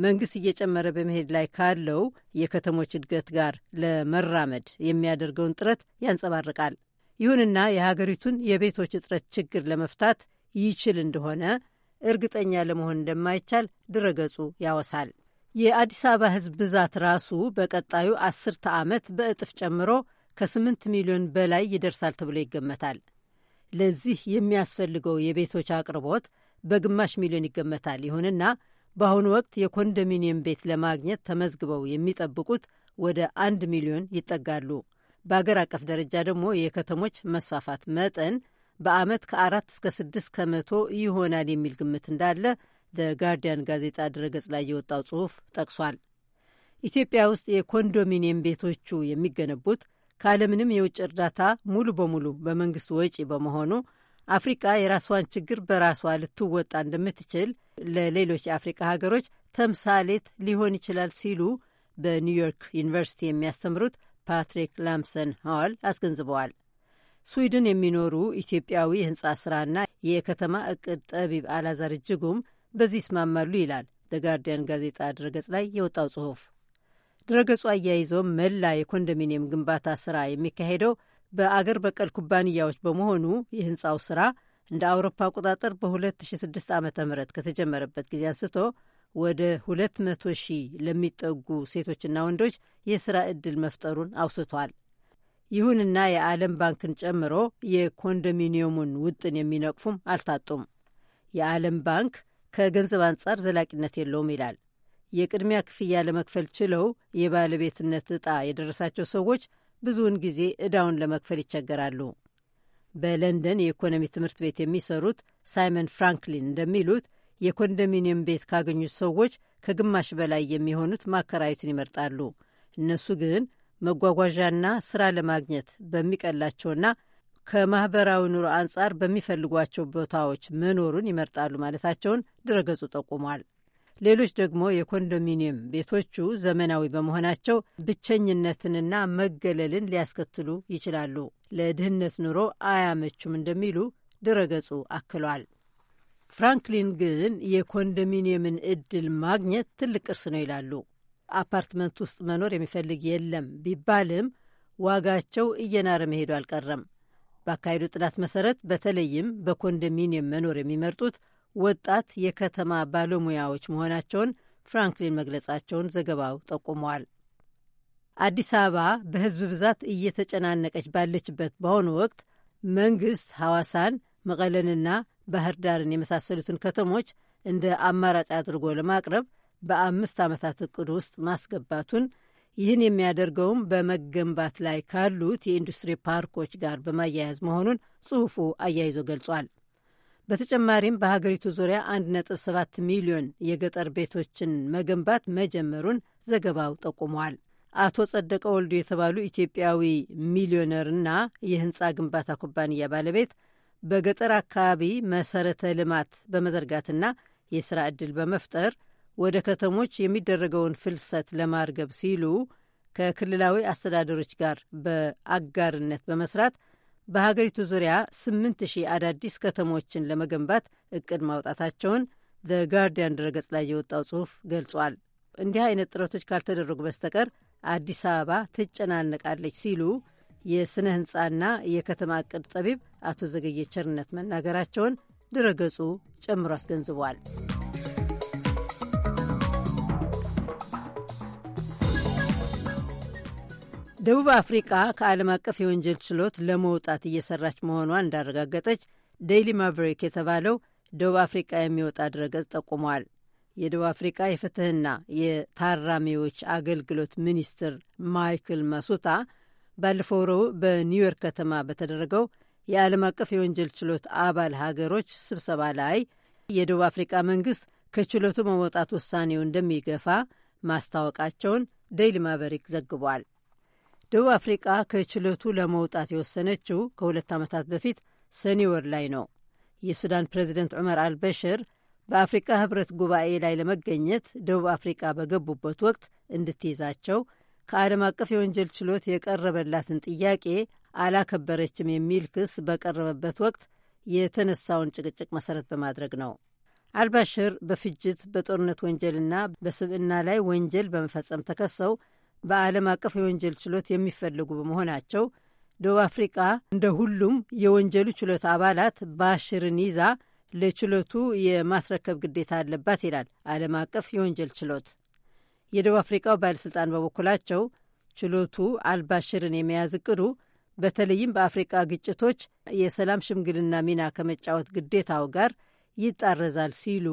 መንግሥት እየጨመረ በመሄድ ላይ ካለው የከተሞች እድገት ጋር ለመራመድ የሚያደርገውን ጥረት ያንጸባርቃል። ይሁንና የሀገሪቱን የቤቶች እጥረት ችግር ለመፍታት ይችል እንደሆነ እርግጠኛ ለመሆን እንደማይቻል ድረገጹ ያወሳል። የአዲስ አበባ ሕዝብ ብዛት ራሱ በቀጣዩ አስርተ ዓመት በእጥፍ ጨምሮ ከ8 ሚሊዮን በላይ ይደርሳል ተብሎ ይገመታል። ለዚህ የሚያስፈልገው የቤቶች አቅርቦት በግማሽ ሚሊዮን ይገመታል። ይሁንና በአሁኑ ወቅት የኮንዶሚኒየም ቤት ለማግኘት ተመዝግበው የሚጠብቁት ወደ አንድ ሚሊዮን ይጠጋሉ። በአገር አቀፍ ደረጃ ደግሞ የከተሞች መስፋፋት መጠን በአመት ከአራት እስከ ስድስት ከመቶ ይሆናል የሚል ግምት እንዳለ ጋርዲያን ጋዜጣ ድረገጽ ላይ የወጣው ጽሑፍ ጠቅሷል። ኢትዮጵያ ውስጥ የኮንዶሚኒየም ቤቶቹ የሚገነቡት ካለምንም የውጭ እርዳታ ሙሉ በሙሉ በመንግስት ወጪ በመሆኑ አፍሪቃ የራሷን ችግር በራሷ ልትወጣ እንደምትችል ለሌሎች የአፍሪቃ ሀገሮች ተምሳሌት ሊሆን ይችላል ሲሉ በኒውዮርክ ዩኒቨርሲቲ የሚያስተምሩት ፓትሪክ ላምሰን ሀዋል አስገንዝበዋል። ስዊድን የሚኖሩ ኢትዮጵያዊ የህንፃ ስራና የከተማ እቅድ ጠቢብ አላዛር እጅጉም በዚህ ይስማማሉ ይላል በጋርዲያን ጋዜጣ ድረገጽ ላይ የወጣው ጽሑፍ። ድረገጹ አያይዞም መላ የኮንዶሚኒየም ግንባታ ስራ የሚካሄደው በአገር በቀል ኩባንያዎች በመሆኑ የህንፃው ስራ እንደ አውሮፓ አቆጣጠር በ2006 ዓ ም ከተጀመረበት ጊዜ አንስቶ ወደ 200 ሺህ ለሚጠጉ ሴቶችና ወንዶች የስራ ዕድል መፍጠሩን አውስቷል። ይሁንና የዓለም ባንክን ጨምሮ የኮንዶሚኒየሙን ውጥን የሚነቅፉም አልታጡም። የዓለም ባንክ ከገንዘብ አንጻር ዘላቂነት የለውም ይላል። የቅድሚያ ክፍያ ለመክፈል ችለው የባለቤትነት ዕጣ የደረሳቸው ሰዎች ብዙውን ጊዜ ዕዳውን ለመክፈል ይቸገራሉ። በለንደን የኢኮኖሚ ትምህርት ቤት የሚሰሩት ሳይመን ፍራንክሊን እንደሚሉት የኮንዶሚኒየም ቤት ካገኙት ሰዎች ከግማሽ በላይ የሚሆኑት ማከራየቱን ይመርጣሉ። እነሱ ግን መጓጓዣና ስራ ለማግኘት በሚቀላቸውና ከማህበራዊ ኑሮ አንጻር በሚፈልጓቸው ቦታዎች መኖሩን ይመርጣሉ ማለታቸውን ድረገጹ ጠቁሟል። ሌሎች ደግሞ የኮንዶሚኒየም ቤቶቹ ዘመናዊ በመሆናቸው ብቸኝነትንና መገለልን ሊያስከትሉ ይችላሉ፣ ለድህነት ኑሮ አያመቹም እንደሚሉ ድረገጹ አክሏል። ፍራንክሊን ግን የኮንዶሚኒየምን እድል ማግኘት ትልቅ ቅርስ ነው ይላሉ። አፓርትመንት ውስጥ መኖር የሚፈልግ የለም ቢባልም ዋጋቸው እየናረ መሄዱ አልቀረም። በአካሄዱ ጥናት መሰረት በተለይም በኮንዶሚኒየም መኖር የሚመርጡት ወጣት የከተማ ባለሙያዎች መሆናቸውን ፍራንክሊን መግለጻቸውን ዘገባው ጠቁመዋል። አዲስ አበባ በሕዝብ ብዛት እየተጨናነቀች ባለችበት በአሁኑ ወቅት መንግስት ሐዋሳን፣ መቀለንና ባህር ዳርን የመሳሰሉትን ከተሞች እንደ አማራጭ አድርጎ ለማቅረብ በአምስት ዓመታት እቅድ ውስጥ ማስገባቱን ይህን የሚያደርገውም በመገንባት ላይ ካሉት የኢንዱስትሪ ፓርኮች ጋር በማያያዝ መሆኑን ጽሑፉ አያይዞ ገልጿል። በተጨማሪም በሀገሪቱ ዙሪያ 1.7 ሚሊዮን የገጠር ቤቶችን መገንባት መጀመሩን ዘገባው ጠቁመዋል። አቶ ጸደቀ ወልዱ የተባሉ ኢትዮጵያዊ ሚሊዮነርና የህንፃ ግንባታ ኩባንያ ባለቤት በገጠር አካባቢ መሰረተ ልማት በመዘርጋትና የሥራ ዕድል በመፍጠር ወደ ከተሞች የሚደረገውን ፍልሰት ለማርገብ ሲሉ ከክልላዊ አስተዳደሮች ጋር በአጋርነት በመስራት በሀገሪቱ ዙሪያ 8 ሺህ አዳዲስ ከተሞችን ለመገንባት እቅድ ማውጣታቸውን ዘ ጋርዲያን ድረገጽ ላይ የወጣው ጽሑፍ ገልጿል። እንዲህ አይነት ጥረቶች ካልተደረጉ በስተቀር አዲስ አበባ ትጨናነቃለች ሲሉ የሥነ ሕንፃና የከተማ እቅድ ጠቢብ አቶ ዘገየ ቸርነት መናገራቸውን ድረገጹ ጨምሮ አስገንዝቧል። ደቡብ አፍሪቃ ከዓለም አቀፍ የወንጀል ችሎት ለመውጣት እየሰራች መሆኗን እንዳረጋገጠች ዴይሊ ማቨሪክ የተባለው ደቡብ አፍሪቃ የሚወጣ ድረገጽ ጠቁሟል። የደቡብ አፍሪቃ የፍትህና የታራሚዎች አገልግሎት ሚኒስትር ማይክል ማሱታ ባለፈው ረቡዕ በኒውዮርክ ከተማ በተደረገው የዓለም አቀፍ የወንጀል ችሎት አባል ሀገሮች ስብሰባ ላይ የደቡብ አፍሪቃ መንግስት ከችሎቱ መውጣት ውሳኔው እንደሚገፋ ማስታወቃቸውን ዴይሊ ማቨሪክ ዘግቧል። ደቡብ አፍሪቃ ከችሎቱ ለመውጣት የወሰነችው ከሁለት ዓመታት በፊት ሰኔ ወር ላይ ነው። የሱዳን ፕሬዚደንት ዑመር አልበሽር በአፍሪቃ ህብረት ጉባኤ ላይ ለመገኘት ደቡብ አፍሪቃ በገቡበት ወቅት እንድትይዛቸው ከዓለም አቀፍ የወንጀል ችሎት የቀረበላትን ጥያቄ አላከበረችም የሚል ክስ በቀረበበት ወቅት የተነሳውን ጭቅጭቅ መሰረት በማድረግ ነው። አልባሽር በፍጅት በጦርነት ወንጀልና በስብዕና ላይ ወንጀል በመፈጸም ተከሰው በዓለም አቀፍ የወንጀል ችሎት የሚፈለጉ በመሆናቸው ደቡብ አፍሪቃ እንደ ሁሉም የወንጀሉ ችሎት አባላት ባሽርን ይዛ ለችሎቱ የማስረከብ ግዴታ አለባት ይላል ዓለም አቀፍ የወንጀል ችሎት። የደቡብ አፍሪቃው ባለሥልጣን በበኩላቸው ችሎቱ አልባሽርን የመያዝ እቅዱ በተለይም በአፍሪቃ ግጭቶች የሰላም ሽምግልና ሚና ከመጫወት ግዴታው ጋር ይጣረዛል ሲሉ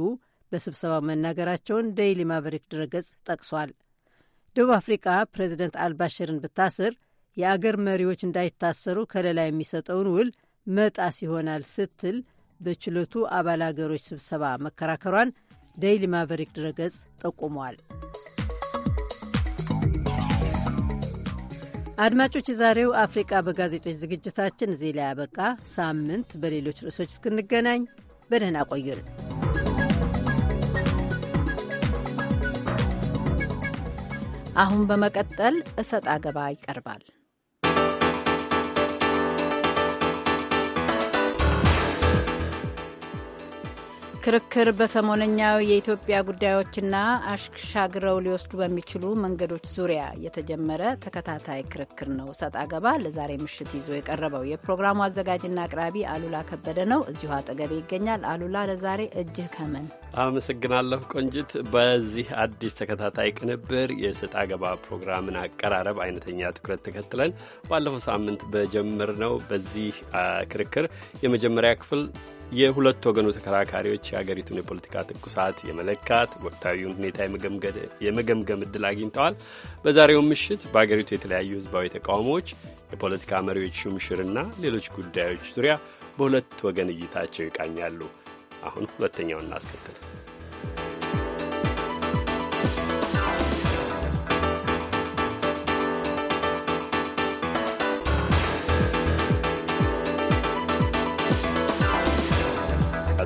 በስብሰባው መናገራቸውን ደይሊ ማቨሪክ ድረገጽ ጠቅሷል። ደቡብ አፍሪቃ ፕሬዚደንት አልባሽርን ብታስር የአገር መሪዎች እንዳይታሰሩ ከለላ የሚሰጠውን ውል መጣስ ይሆናል ስትል በችሎቱ አባል አገሮች ስብሰባ መከራከሯን ዴይሊ ማቨሪክ ድረገጽ ጠቁሟል። አድማጮች፣ የዛሬው አፍሪቃ በጋዜጦች ዝግጅታችን እዚህ ላይ ያበቃ። ሳምንት በሌሎች ርዕሶች እስክንገናኝ በደህና ቆዩን። አሁን በመቀጠል እሰጥ አገባ ይቀርባል። ክርክር በሰሞነኛው የኢትዮጵያ ጉዳዮችና አሻግረው ሊወስዱ በሚችሉ መንገዶች ዙሪያ የተጀመረ ተከታታይ ክርክር ነው። ሰጥ አገባ ለዛሬ ምሽት ይዞ የቀረበው የፕሮግራሙ አዘጋጅና አቅራቢ አሉላ ከበደ ነው። እዚሁ አጠገቤ ይገኛል። አሉላ፣ ለዛሬ እጅህ ከምን አመሰግናለሁ ቆንጅት። በዚህ አዲስ ተከታታይ ቅንብር የሰጥ አገባ ፕሮግራምን አቀራረብ አይነተኛ ትኩረት ተከትለን ባለፈው ሳምንት በጀምር ነው። በዚህ ክርክር የመጀመሪያ ክፍል የሁለቱ ወገኑ ተከራካሪዎች የአገሪቱን የፖለቲካ ትኩሳት የመለካት ወቅታዊውን ሁኔታ የመገምገም እድል አግኝተዋል። በዛሬው ምሽት በአገሪቱ የተለያዩ ህዝባዊ ተቃውሞዎች፣ የፖለቲካ መሪዎች ሹምሽርና ሌሎች ጉዳዮች ዙሪያ በሁለት ወገን እይታቸው ይቃኛሉ። አሁን ሁለተኛውን እናስከትል።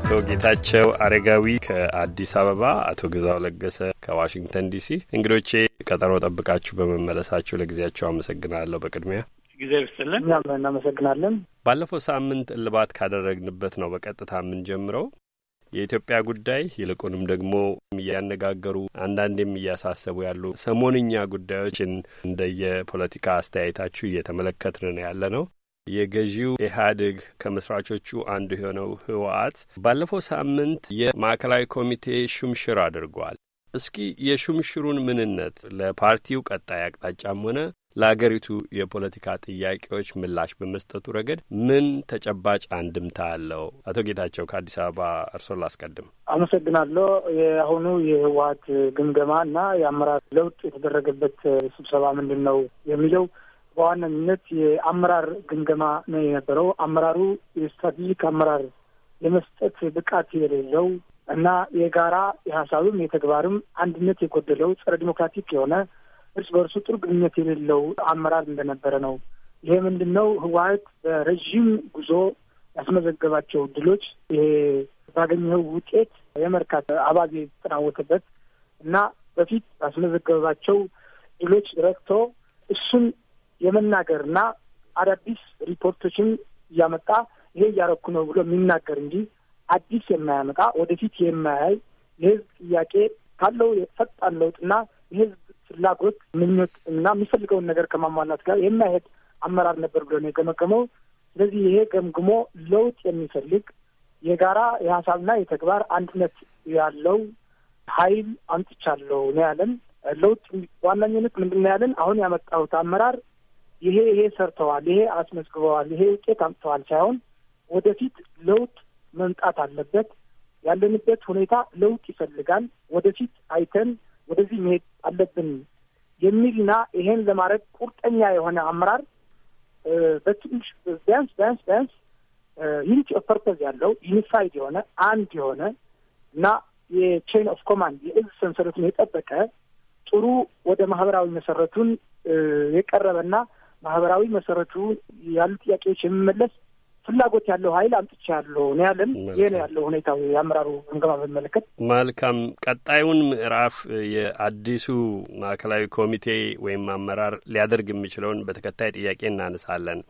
አቶ ጌታቸው አረጋዊ ከአዲስ አበባ፣ አቶ ግዛው ለገሰ ከዋሽንግተን ዲሲ እንግዶቼ ቀጠሮ ጠብቃችሁ በመመለሳችሁ ለጊዜያቸው አመሰግናለሁ። በቅድሚያ ጊዜ ይስጥልን። እናመሰግናለን። ባለፈው ሳምንት እልባት ካደረግንበት ነው በቀጥታ የምንጀምረው። የኢትዮጵያ ጉዳይ ይልቁንም ደግሞ እያነጋገሩ አንዳንዴም እያሳሰቡ ያሉ ሰሞንኛ ጉዳዮችን እንደየፖለቲካ አስተያየታችሁ እየተመለከትን ነው ያለ ነው። የገዢው ኢህአዴግ ከመስራቾቹ አንዱ የሆነው ህወሓት ባለፈው ሳምንት የማዕከላዊ ኮሚቴ ሹምሽር አድርጓል። እስኪ የሹምሽሩን ምንነት ለፓርቲው ቀጣይ አቅጣጫም ሆነ ለአገሪቱ የፖለቲካ ጥያቄዎች ምላሽ በመስጠቱ ረገድ ምን ተጨባጭ አንድምታ አለው? አቶ ጌታቸው ከአዲስ አበባ እርስዎን ላስቀድም። አመሰግናለሁ። የአሁኑ የህወሀት ግምገማ እና የአመራር ለውጥ የተደረገበት ስብሰባ ምንድን ነው የሚለው በዋነኝነት የአመራር ግምገማ ነው የነበረው። አመራሩ የስትራቴጂክ አመራር የመስጠት ብቃት የሌለው እና የጋራ የሀሳብም የተግባርም አንድነት የጎደለው ጸረ ዲሞክራቲክ የሆነ እርስ በእርሱ ጥሩ ግንኙነት የሌለው አመራር እንደነበረ ነው። ይሄ ምንድን ነው? ህወሓት በረዥም ጉዞ ያስመዘገባቸው ድሎች ይሄ ባገኘው ውጤት የመርካት አባዜ የተጠናወተበት እና በፊት ያስመዘገባቸው ድሎች ረክቶ እሱን የመናገርና አዳዲስ ሪፖርቶችን እያመጣ ይሄ እያረኩ ነው ብሎ የሚናገር እንጂ አዲስ የማያመጣ ወደፊት የማያይ የህዝብ ጥያቄ ካለው ፈጣን ለውጥና የህዝብ ፍላጎት ምኞት እና የሚፈልገውን ነገር ከማሟላት ጋር የማይሄድ አመራር ነበር ብሎ ነው የገመገመው። ስለዚህ ይሄ ገምግሞ ለውጥ የሚፈልግ የጋራ የሀሳብና የተግባር አንድነት ያለው ኃይል አምጥቻለሁ ነው ያለን። ለውጥ ዋናኝነት ምንድን ነው ያለን? አሁን ያመጣሁት አመራር ይሄ ይሄ ሰርተዋል፣ ይሄ አስመዝግበዋል፣ ይሄ ውጤት አምጥተዋል ሳይሆን ወደፊት ለውጥ መምጣት አለበት። ያለንበት ሁኔታ ለውጥ ይፈልጋል። ወደፊት አይተን ወደዚህ መሄድ አለብን የሚልና ይሄን ለማድረግ ቁርጠኛ የሆነ አመራር በትንሽ ቢያንስ ቢያንስ ቢያንስ ዩኒቲ ኦፍ ፐርፐዝ ያለው ዩኒፋይድ የሆነ አንድ የሆነ እና የቼን ኦፍ ኮማንድ የእዝ ሰንሰለቱን የጠበቀ ጥሩ ወደ ማህበራዊ መሰረቱን የቀረበና ማህበራዊ መሰረቱ ያሉ ጥያቄዎች የሚመለስ ፍላጎት ያለው ኃይል አምጥቻለሁ ነው ያለን። ይህ ነው ያለው ሁኔታው የአመራሩ ግምገማ በሚመለከት። መልካም ቀጣዩን ምዕራፍ የአዲሱ ማዕከላዊ ኮሚቴ ወይም አመራር ሊያደርግ የሚችለውን በተከታይ ጥያቄ እናነሳለን።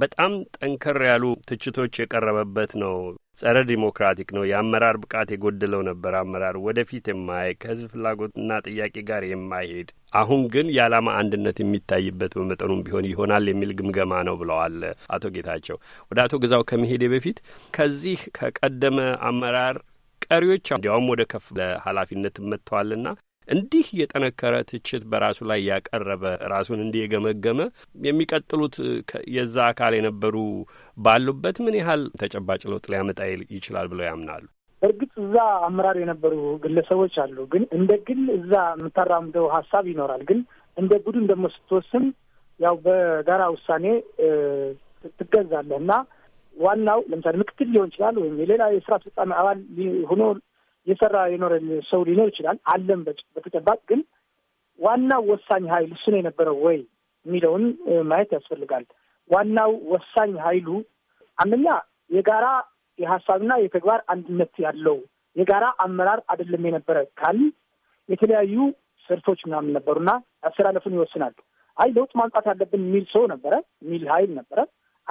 በጣም ጠንከር ያሉ ትችቶች የቀረበበት ነው። ጸረ ዲሞክራቲክ ነው። የአመራር ብቃት የጎደለው ነበር። አመራር ወደፊት የማይ ከህዝብ ፍላጎትና ጥያቄ ጋር የማይሄድ አሁን ግን የዓላማ አንድነት የሚታይበት በመጠኑም ቢሆን ይሆናል የሚል ግምገማ ነው ብለዋል አቶ ጌታቸው። ወደ አቶ ግዛው ከመሄዴ በፊት ከዚህ ከቀደመ አመራር ቀሪዎች እንዲያውም ወደ ከፍ ለኃላፊነት መጥተዋልና እንዲህ የጠነከረ ትችት በራሱ ላይ ያቀረበ ራሱን እንዲህ የገመገመ የሚቀጥሉት የዛ አካል የነበሩ ባሉበት ምን ያህል ተጨባጭ ለውጥ ሊያመጣ ይችላል ብለው ያምናሉ? እርግጥ እዛ አመራር የነበሩ ግለሰቦች አሉ። ግን እንደ ግል እዛ የምታራምደው ሀሳብ ይኖራል። ግን እንደ ቡድን ደግሞ ስትወስን ያው በጋራ ውሳኔ ትገዛለህ እና ዋናው ለምሳሌ ምክትል ሊሆን ይችላል ወይም የሌላ የስራ አስፈጻሚ አባል ሆኖ የሰራ የኖረ ሰው ሊኖር ይችላል አለም በተጨባጭ ግን ዋናው ወሳኝ ሀይል እሱ ነው የነበረው ወይ የሚለውን ማየት ያስፈልጋል። ዋናው ወሳኝ ኃይሉ አንደኛ የጋራ የሀሳብና የተግባር አንድነት ያለው የጋራ አመራር አይደለም የነበረ ካል የተለያዩ ስርቶች ምናምን ነበሩና አስተላለፉን ይወስናል። አይ ለውጥ ማምጣት ያለብን የሚል ሰው ነበረ፣ የሚል ሀይል ነበረ።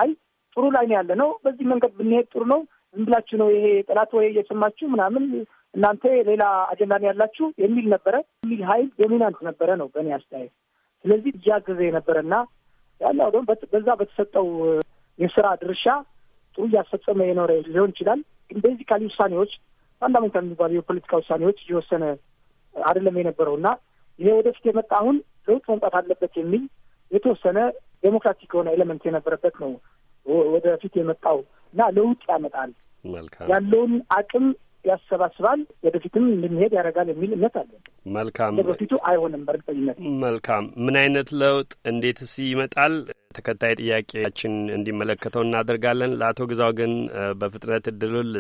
አይ ጥሩ ላይ ነው ያለ ነው፣ በዚህ መንገድ ብንሄድ ጥሩ ነው እንብላችሁ ነው ይሄ ጠላት ወይ እየሰማችሁ ምናምን እናንተ ሌላ አጀንዳ ነው ያላችሁ የሚል ነበረ የሚል ሀይል ዶሚናንት ነበረ ነው በእኔ አስተያየት። ስለዚህ እያገዘ የነበረ እና ያለው ደግሞ በዛ በተሰጠው የስራ ድርሻ ጥሩ እያስፈጸመ የኖረ ሊሆን ይችላል። ግን ቤዚካሊ ውሳኔዎች ፋንዳሜንታል የሚባሉ የፖለቲካ ውሳኔዎች እየወሰነ አይደለም የነበረው እና ይሄ ወደፊት የመጣ አሁን ለውጥ መምጣት አለበት የሚል የተወሰነ ዴሞክራቲክ የሆነ ኤሌመንት የነበረበት ነው ወደፊት የመጣው እና ለውጥ ያመጣል ያለውን አቅም ያሰባስባል፣ ወደፊትም እንድንሄድ ያደርጋል የሚል እምነት አለን። መልካም ወደፊቱ አይሆንም በእርግጠኝነት መልካም። ምን አይነት ለውጥ እንዴትስ ይመጣል? ተከታይ ጥያቄያችን እንዲመለከተው እናደርጋለን። ለአቶ ግዛው ግን በፍጥነት እድሉን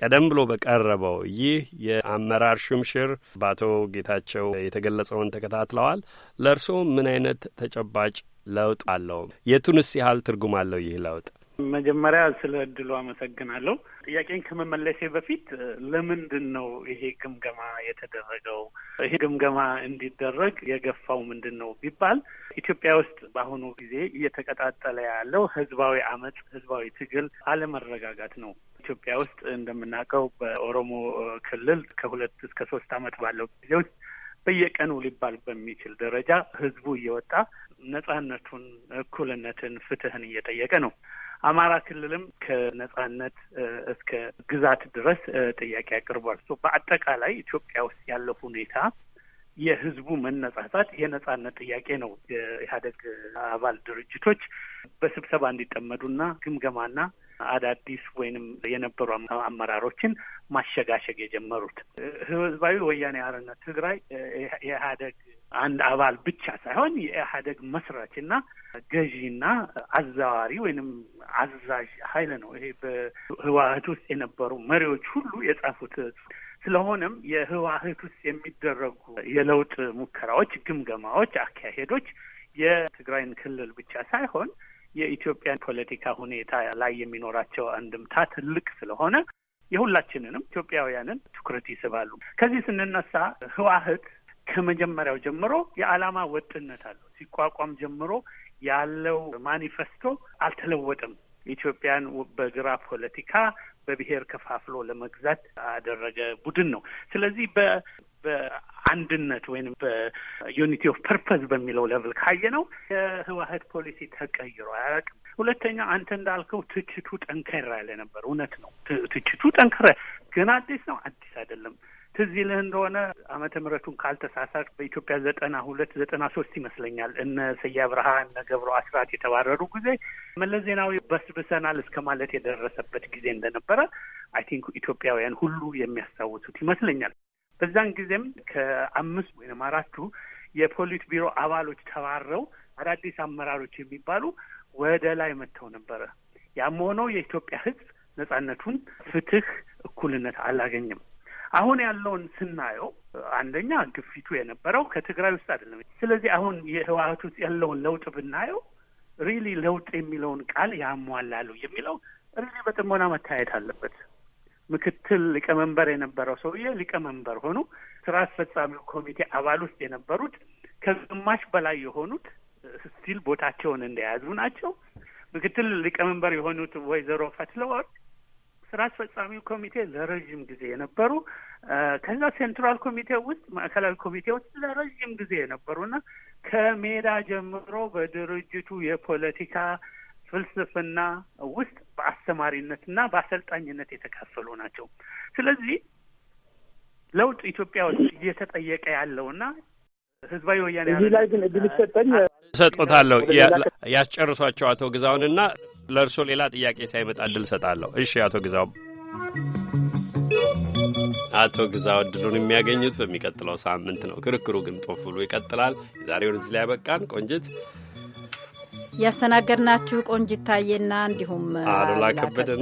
ቀደም ብሎ በቀረበው ይህ የአመራር ሹምሽር በአቶ ጌታቸው የተገለጸውን ተከታትለዋል። ለእርስዎ ምን አይነት ተጨባጭ ለውጥ አለው? የቱንስ ያህል ትርጉም አለው ይህ ለውጥ? መጀመሪያ ስለ እድሉ አመሰግናለሁ። ጥያቄን ከመመለሴ በፊት ለምንድን ነው ይሄ ግምገማ የተደረገው? ይሄ ግምገማ እንዲደረግ የገፋው ምንድን ነው ቢባል ኢትዮጵያ ውስጥ በአሁኑ ጊዜ እየተቀጣጠለ ያለው ህዝባዊ አመፅ፣ ህዝባዊ ትግል፣ አለመረጋጋት ነው። ኢትዮጵያ ውስጥ እንደምናውቀው በኦሮሞ ክልል ከሁለት እስከ ሶስት አመት ባለው ጊዜ ውስጥ በየቀኑ ሊባል በሚችል ደረጃ ህዝቡ እየወጣ ነጻነቱን፣ እኩልነትን፣ ፍትህን እየጠየቀ ነው። አማራ ክልልም ከነጻነት እስከ ግዛት ድረስ ጥያቄ አቅርቧል። በአጠቃላይ ኢትዮጵያ ውስጥ ያለው ሁኔታ የህዝቡ መነጻጻት የነጻነት ጥያቄ ነው። የኢህአደግ አባል ድርጅቶች በስብሰባ እንዲጠመዱና ግምገማና አዳዲስ ወይንም የነበሩ አመራሮችን ማሸጋሸግ የጀመሩት ህዝባዊ ወያኔ ሓርነት ትግራይ የኢህአደግ አንድ አባል ብቻ ሳይሆን የኢህአዴግ መስራችና ገዢና አዛዋሪ ወይንም አዛዥ ኃይል ነው። ይሄ በህወሓት ውስጥ የነበሩ መሪዎች ሁሉ የጻፉት ስለሆነም የህወሓት ውስጥ የሚደረጉ የለውጥ ሙከራዎች፣ ግምገማዎች፣ አካሄዶች የትግራይን ክልል ብቻ ሳይሆን የኢትዮጵያን ፖለቲካ ሁኔታ ላይ የሚኖራቸው አንድምታ ትልቅ ስለሆነ የሁላችንንም ኢትዮጵያውያንን ትኩረት ይስባሉ። ከዚህ ስንነሳ ህዋህት ከመጀመሪያው ጀምሮ የዓላማ ወጥነት አለው። ሲቋቋም ጀምሮ ያለው ማኒፌስቶ አልተለወጠም። ኢትዮጵያን በግራ ፖለቲካ በብሔር ከፋፍሎ ለመግዛት አደረገ ቡድን ነው። ስለዚህ በአንድነት ወይም በዩኒቲ ኦፍ ፐርፐዝ በሚለው ሌቭል ካየ ነው የህወሀት ፖሊሲ ተቀይሮ አያውቅም። ሁለተኛ አንተ እንዳልከው ትችቱ ጠንከር ያለ ነበር። እውነት ነው። ትችቱ ጠንከረ። ግን አዲስ ነው፣ አዲስ አይደለም። ትዝ ይልህ እንደሆነ አመተ ምሕረቱን ካልተሳሳት በኢትዮጵያ ዘጠና ሁለት ዘጠና ሶስት ይመስለኛል እነ ስዬ አብርሃ እነ ገብሩ አስራት የተባረሩ ጊዜ መለስ ዜናዊ በስብሰናል እስከ ማለት የደረሰበት ጊዜ እንደነበረ አይ ቲንክ ኢትዮጵያውያን ሁሉ የሚያስታውሱት ይመስለኛል። በዛን ጊዜም ከአምስት ወይም አራቱ የፖሊት ቢሮ አባሎች ተባረው አዳዲስ አመራሮች የሚባሉ ወደ ላይ መጥተው ነበረ። ያም ሆኖ የኢትዮጵያ ሕዝብ ነጻነቱን፣ ፍትህ፣ እኩልነት አላገኝም አሁን ያለውን ስናየው አንደኛ ግፊቱ የነበረው ከትግራይ ውስጥ አይደለም። ስለዚህ አሁን የህወሀት ውስጥ ያለውን ለውጥ ብናየው ሪሊ ለውጥ የሚለውን ቃል ያሟላሉ የሚለው ሪሊ በጥሞና መታየት አለበት። ምክትል ሊቀመንበር የነበረው ሰውዬ ሊቀመንበር ሆኑ። ስራ አስፈጻሚው ኮሚቴ አባል ውስጥ የነበሩት ከግማሽ በላይ የሆኑት ስቲል ቦታቸውን እንደያዙ ናቸው። ምክትል ሊቀመንበር የሆኑት ወይዘሮ ፈትለወርቅ ስራ አስፈጻሚው ኮሚቴ ለረዥም ጊዜ የነበሩ ከዛ ሴንትራል ኮሚቴ ውስጥ ማዕከላዊ ኮሚቴ ውስጥ ለረዥም ጊዜ የነበሩና ከሜዳ ጀምሮ በድርጅቱ የፖለቲካ ፍልስፍና ውስጥ በአስተማሪነትና በአሰልጣኝነት የተካፈሉ ናቸው። ስለዚህ ለውጥ ኢትዮጵያ ውስጥ እየተጠየቀ ያለውና ህዝባዊ ወያኔ እዚህ ላይ ግን እድል ይሰጠኝ ሰጦታለሁ። ያስጨርሷቸው አቶ ግዛውንና ለእርስዎ ሌላ ጥያቄ ሳይመጣ እድል ሰጣለሁ። እሺ አቶ ግዛው አቶ ግዛው እድሉን የሚያገኙት በሚቀጥለው ሳምንት ነው። ክርክሩ ግን ጦፍ ብሎ ይቀጥላል። ዛሬውን እዚህ ላይ ያበቃን ቆንጅት ያስተናገድናችሁ ቆንጅ ታዬና እንዲሁም አሉላ ከበደ፣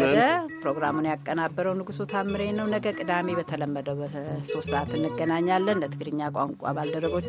ፕሮግራሙን ያቀናበረው ንጉሱ ታምሬ ነው። ነገ ቅዳሜ በተለመደው በሶስት ሰዓት እንገናኛለን። ለትግርኛ ቋንቋ ባልደረቦች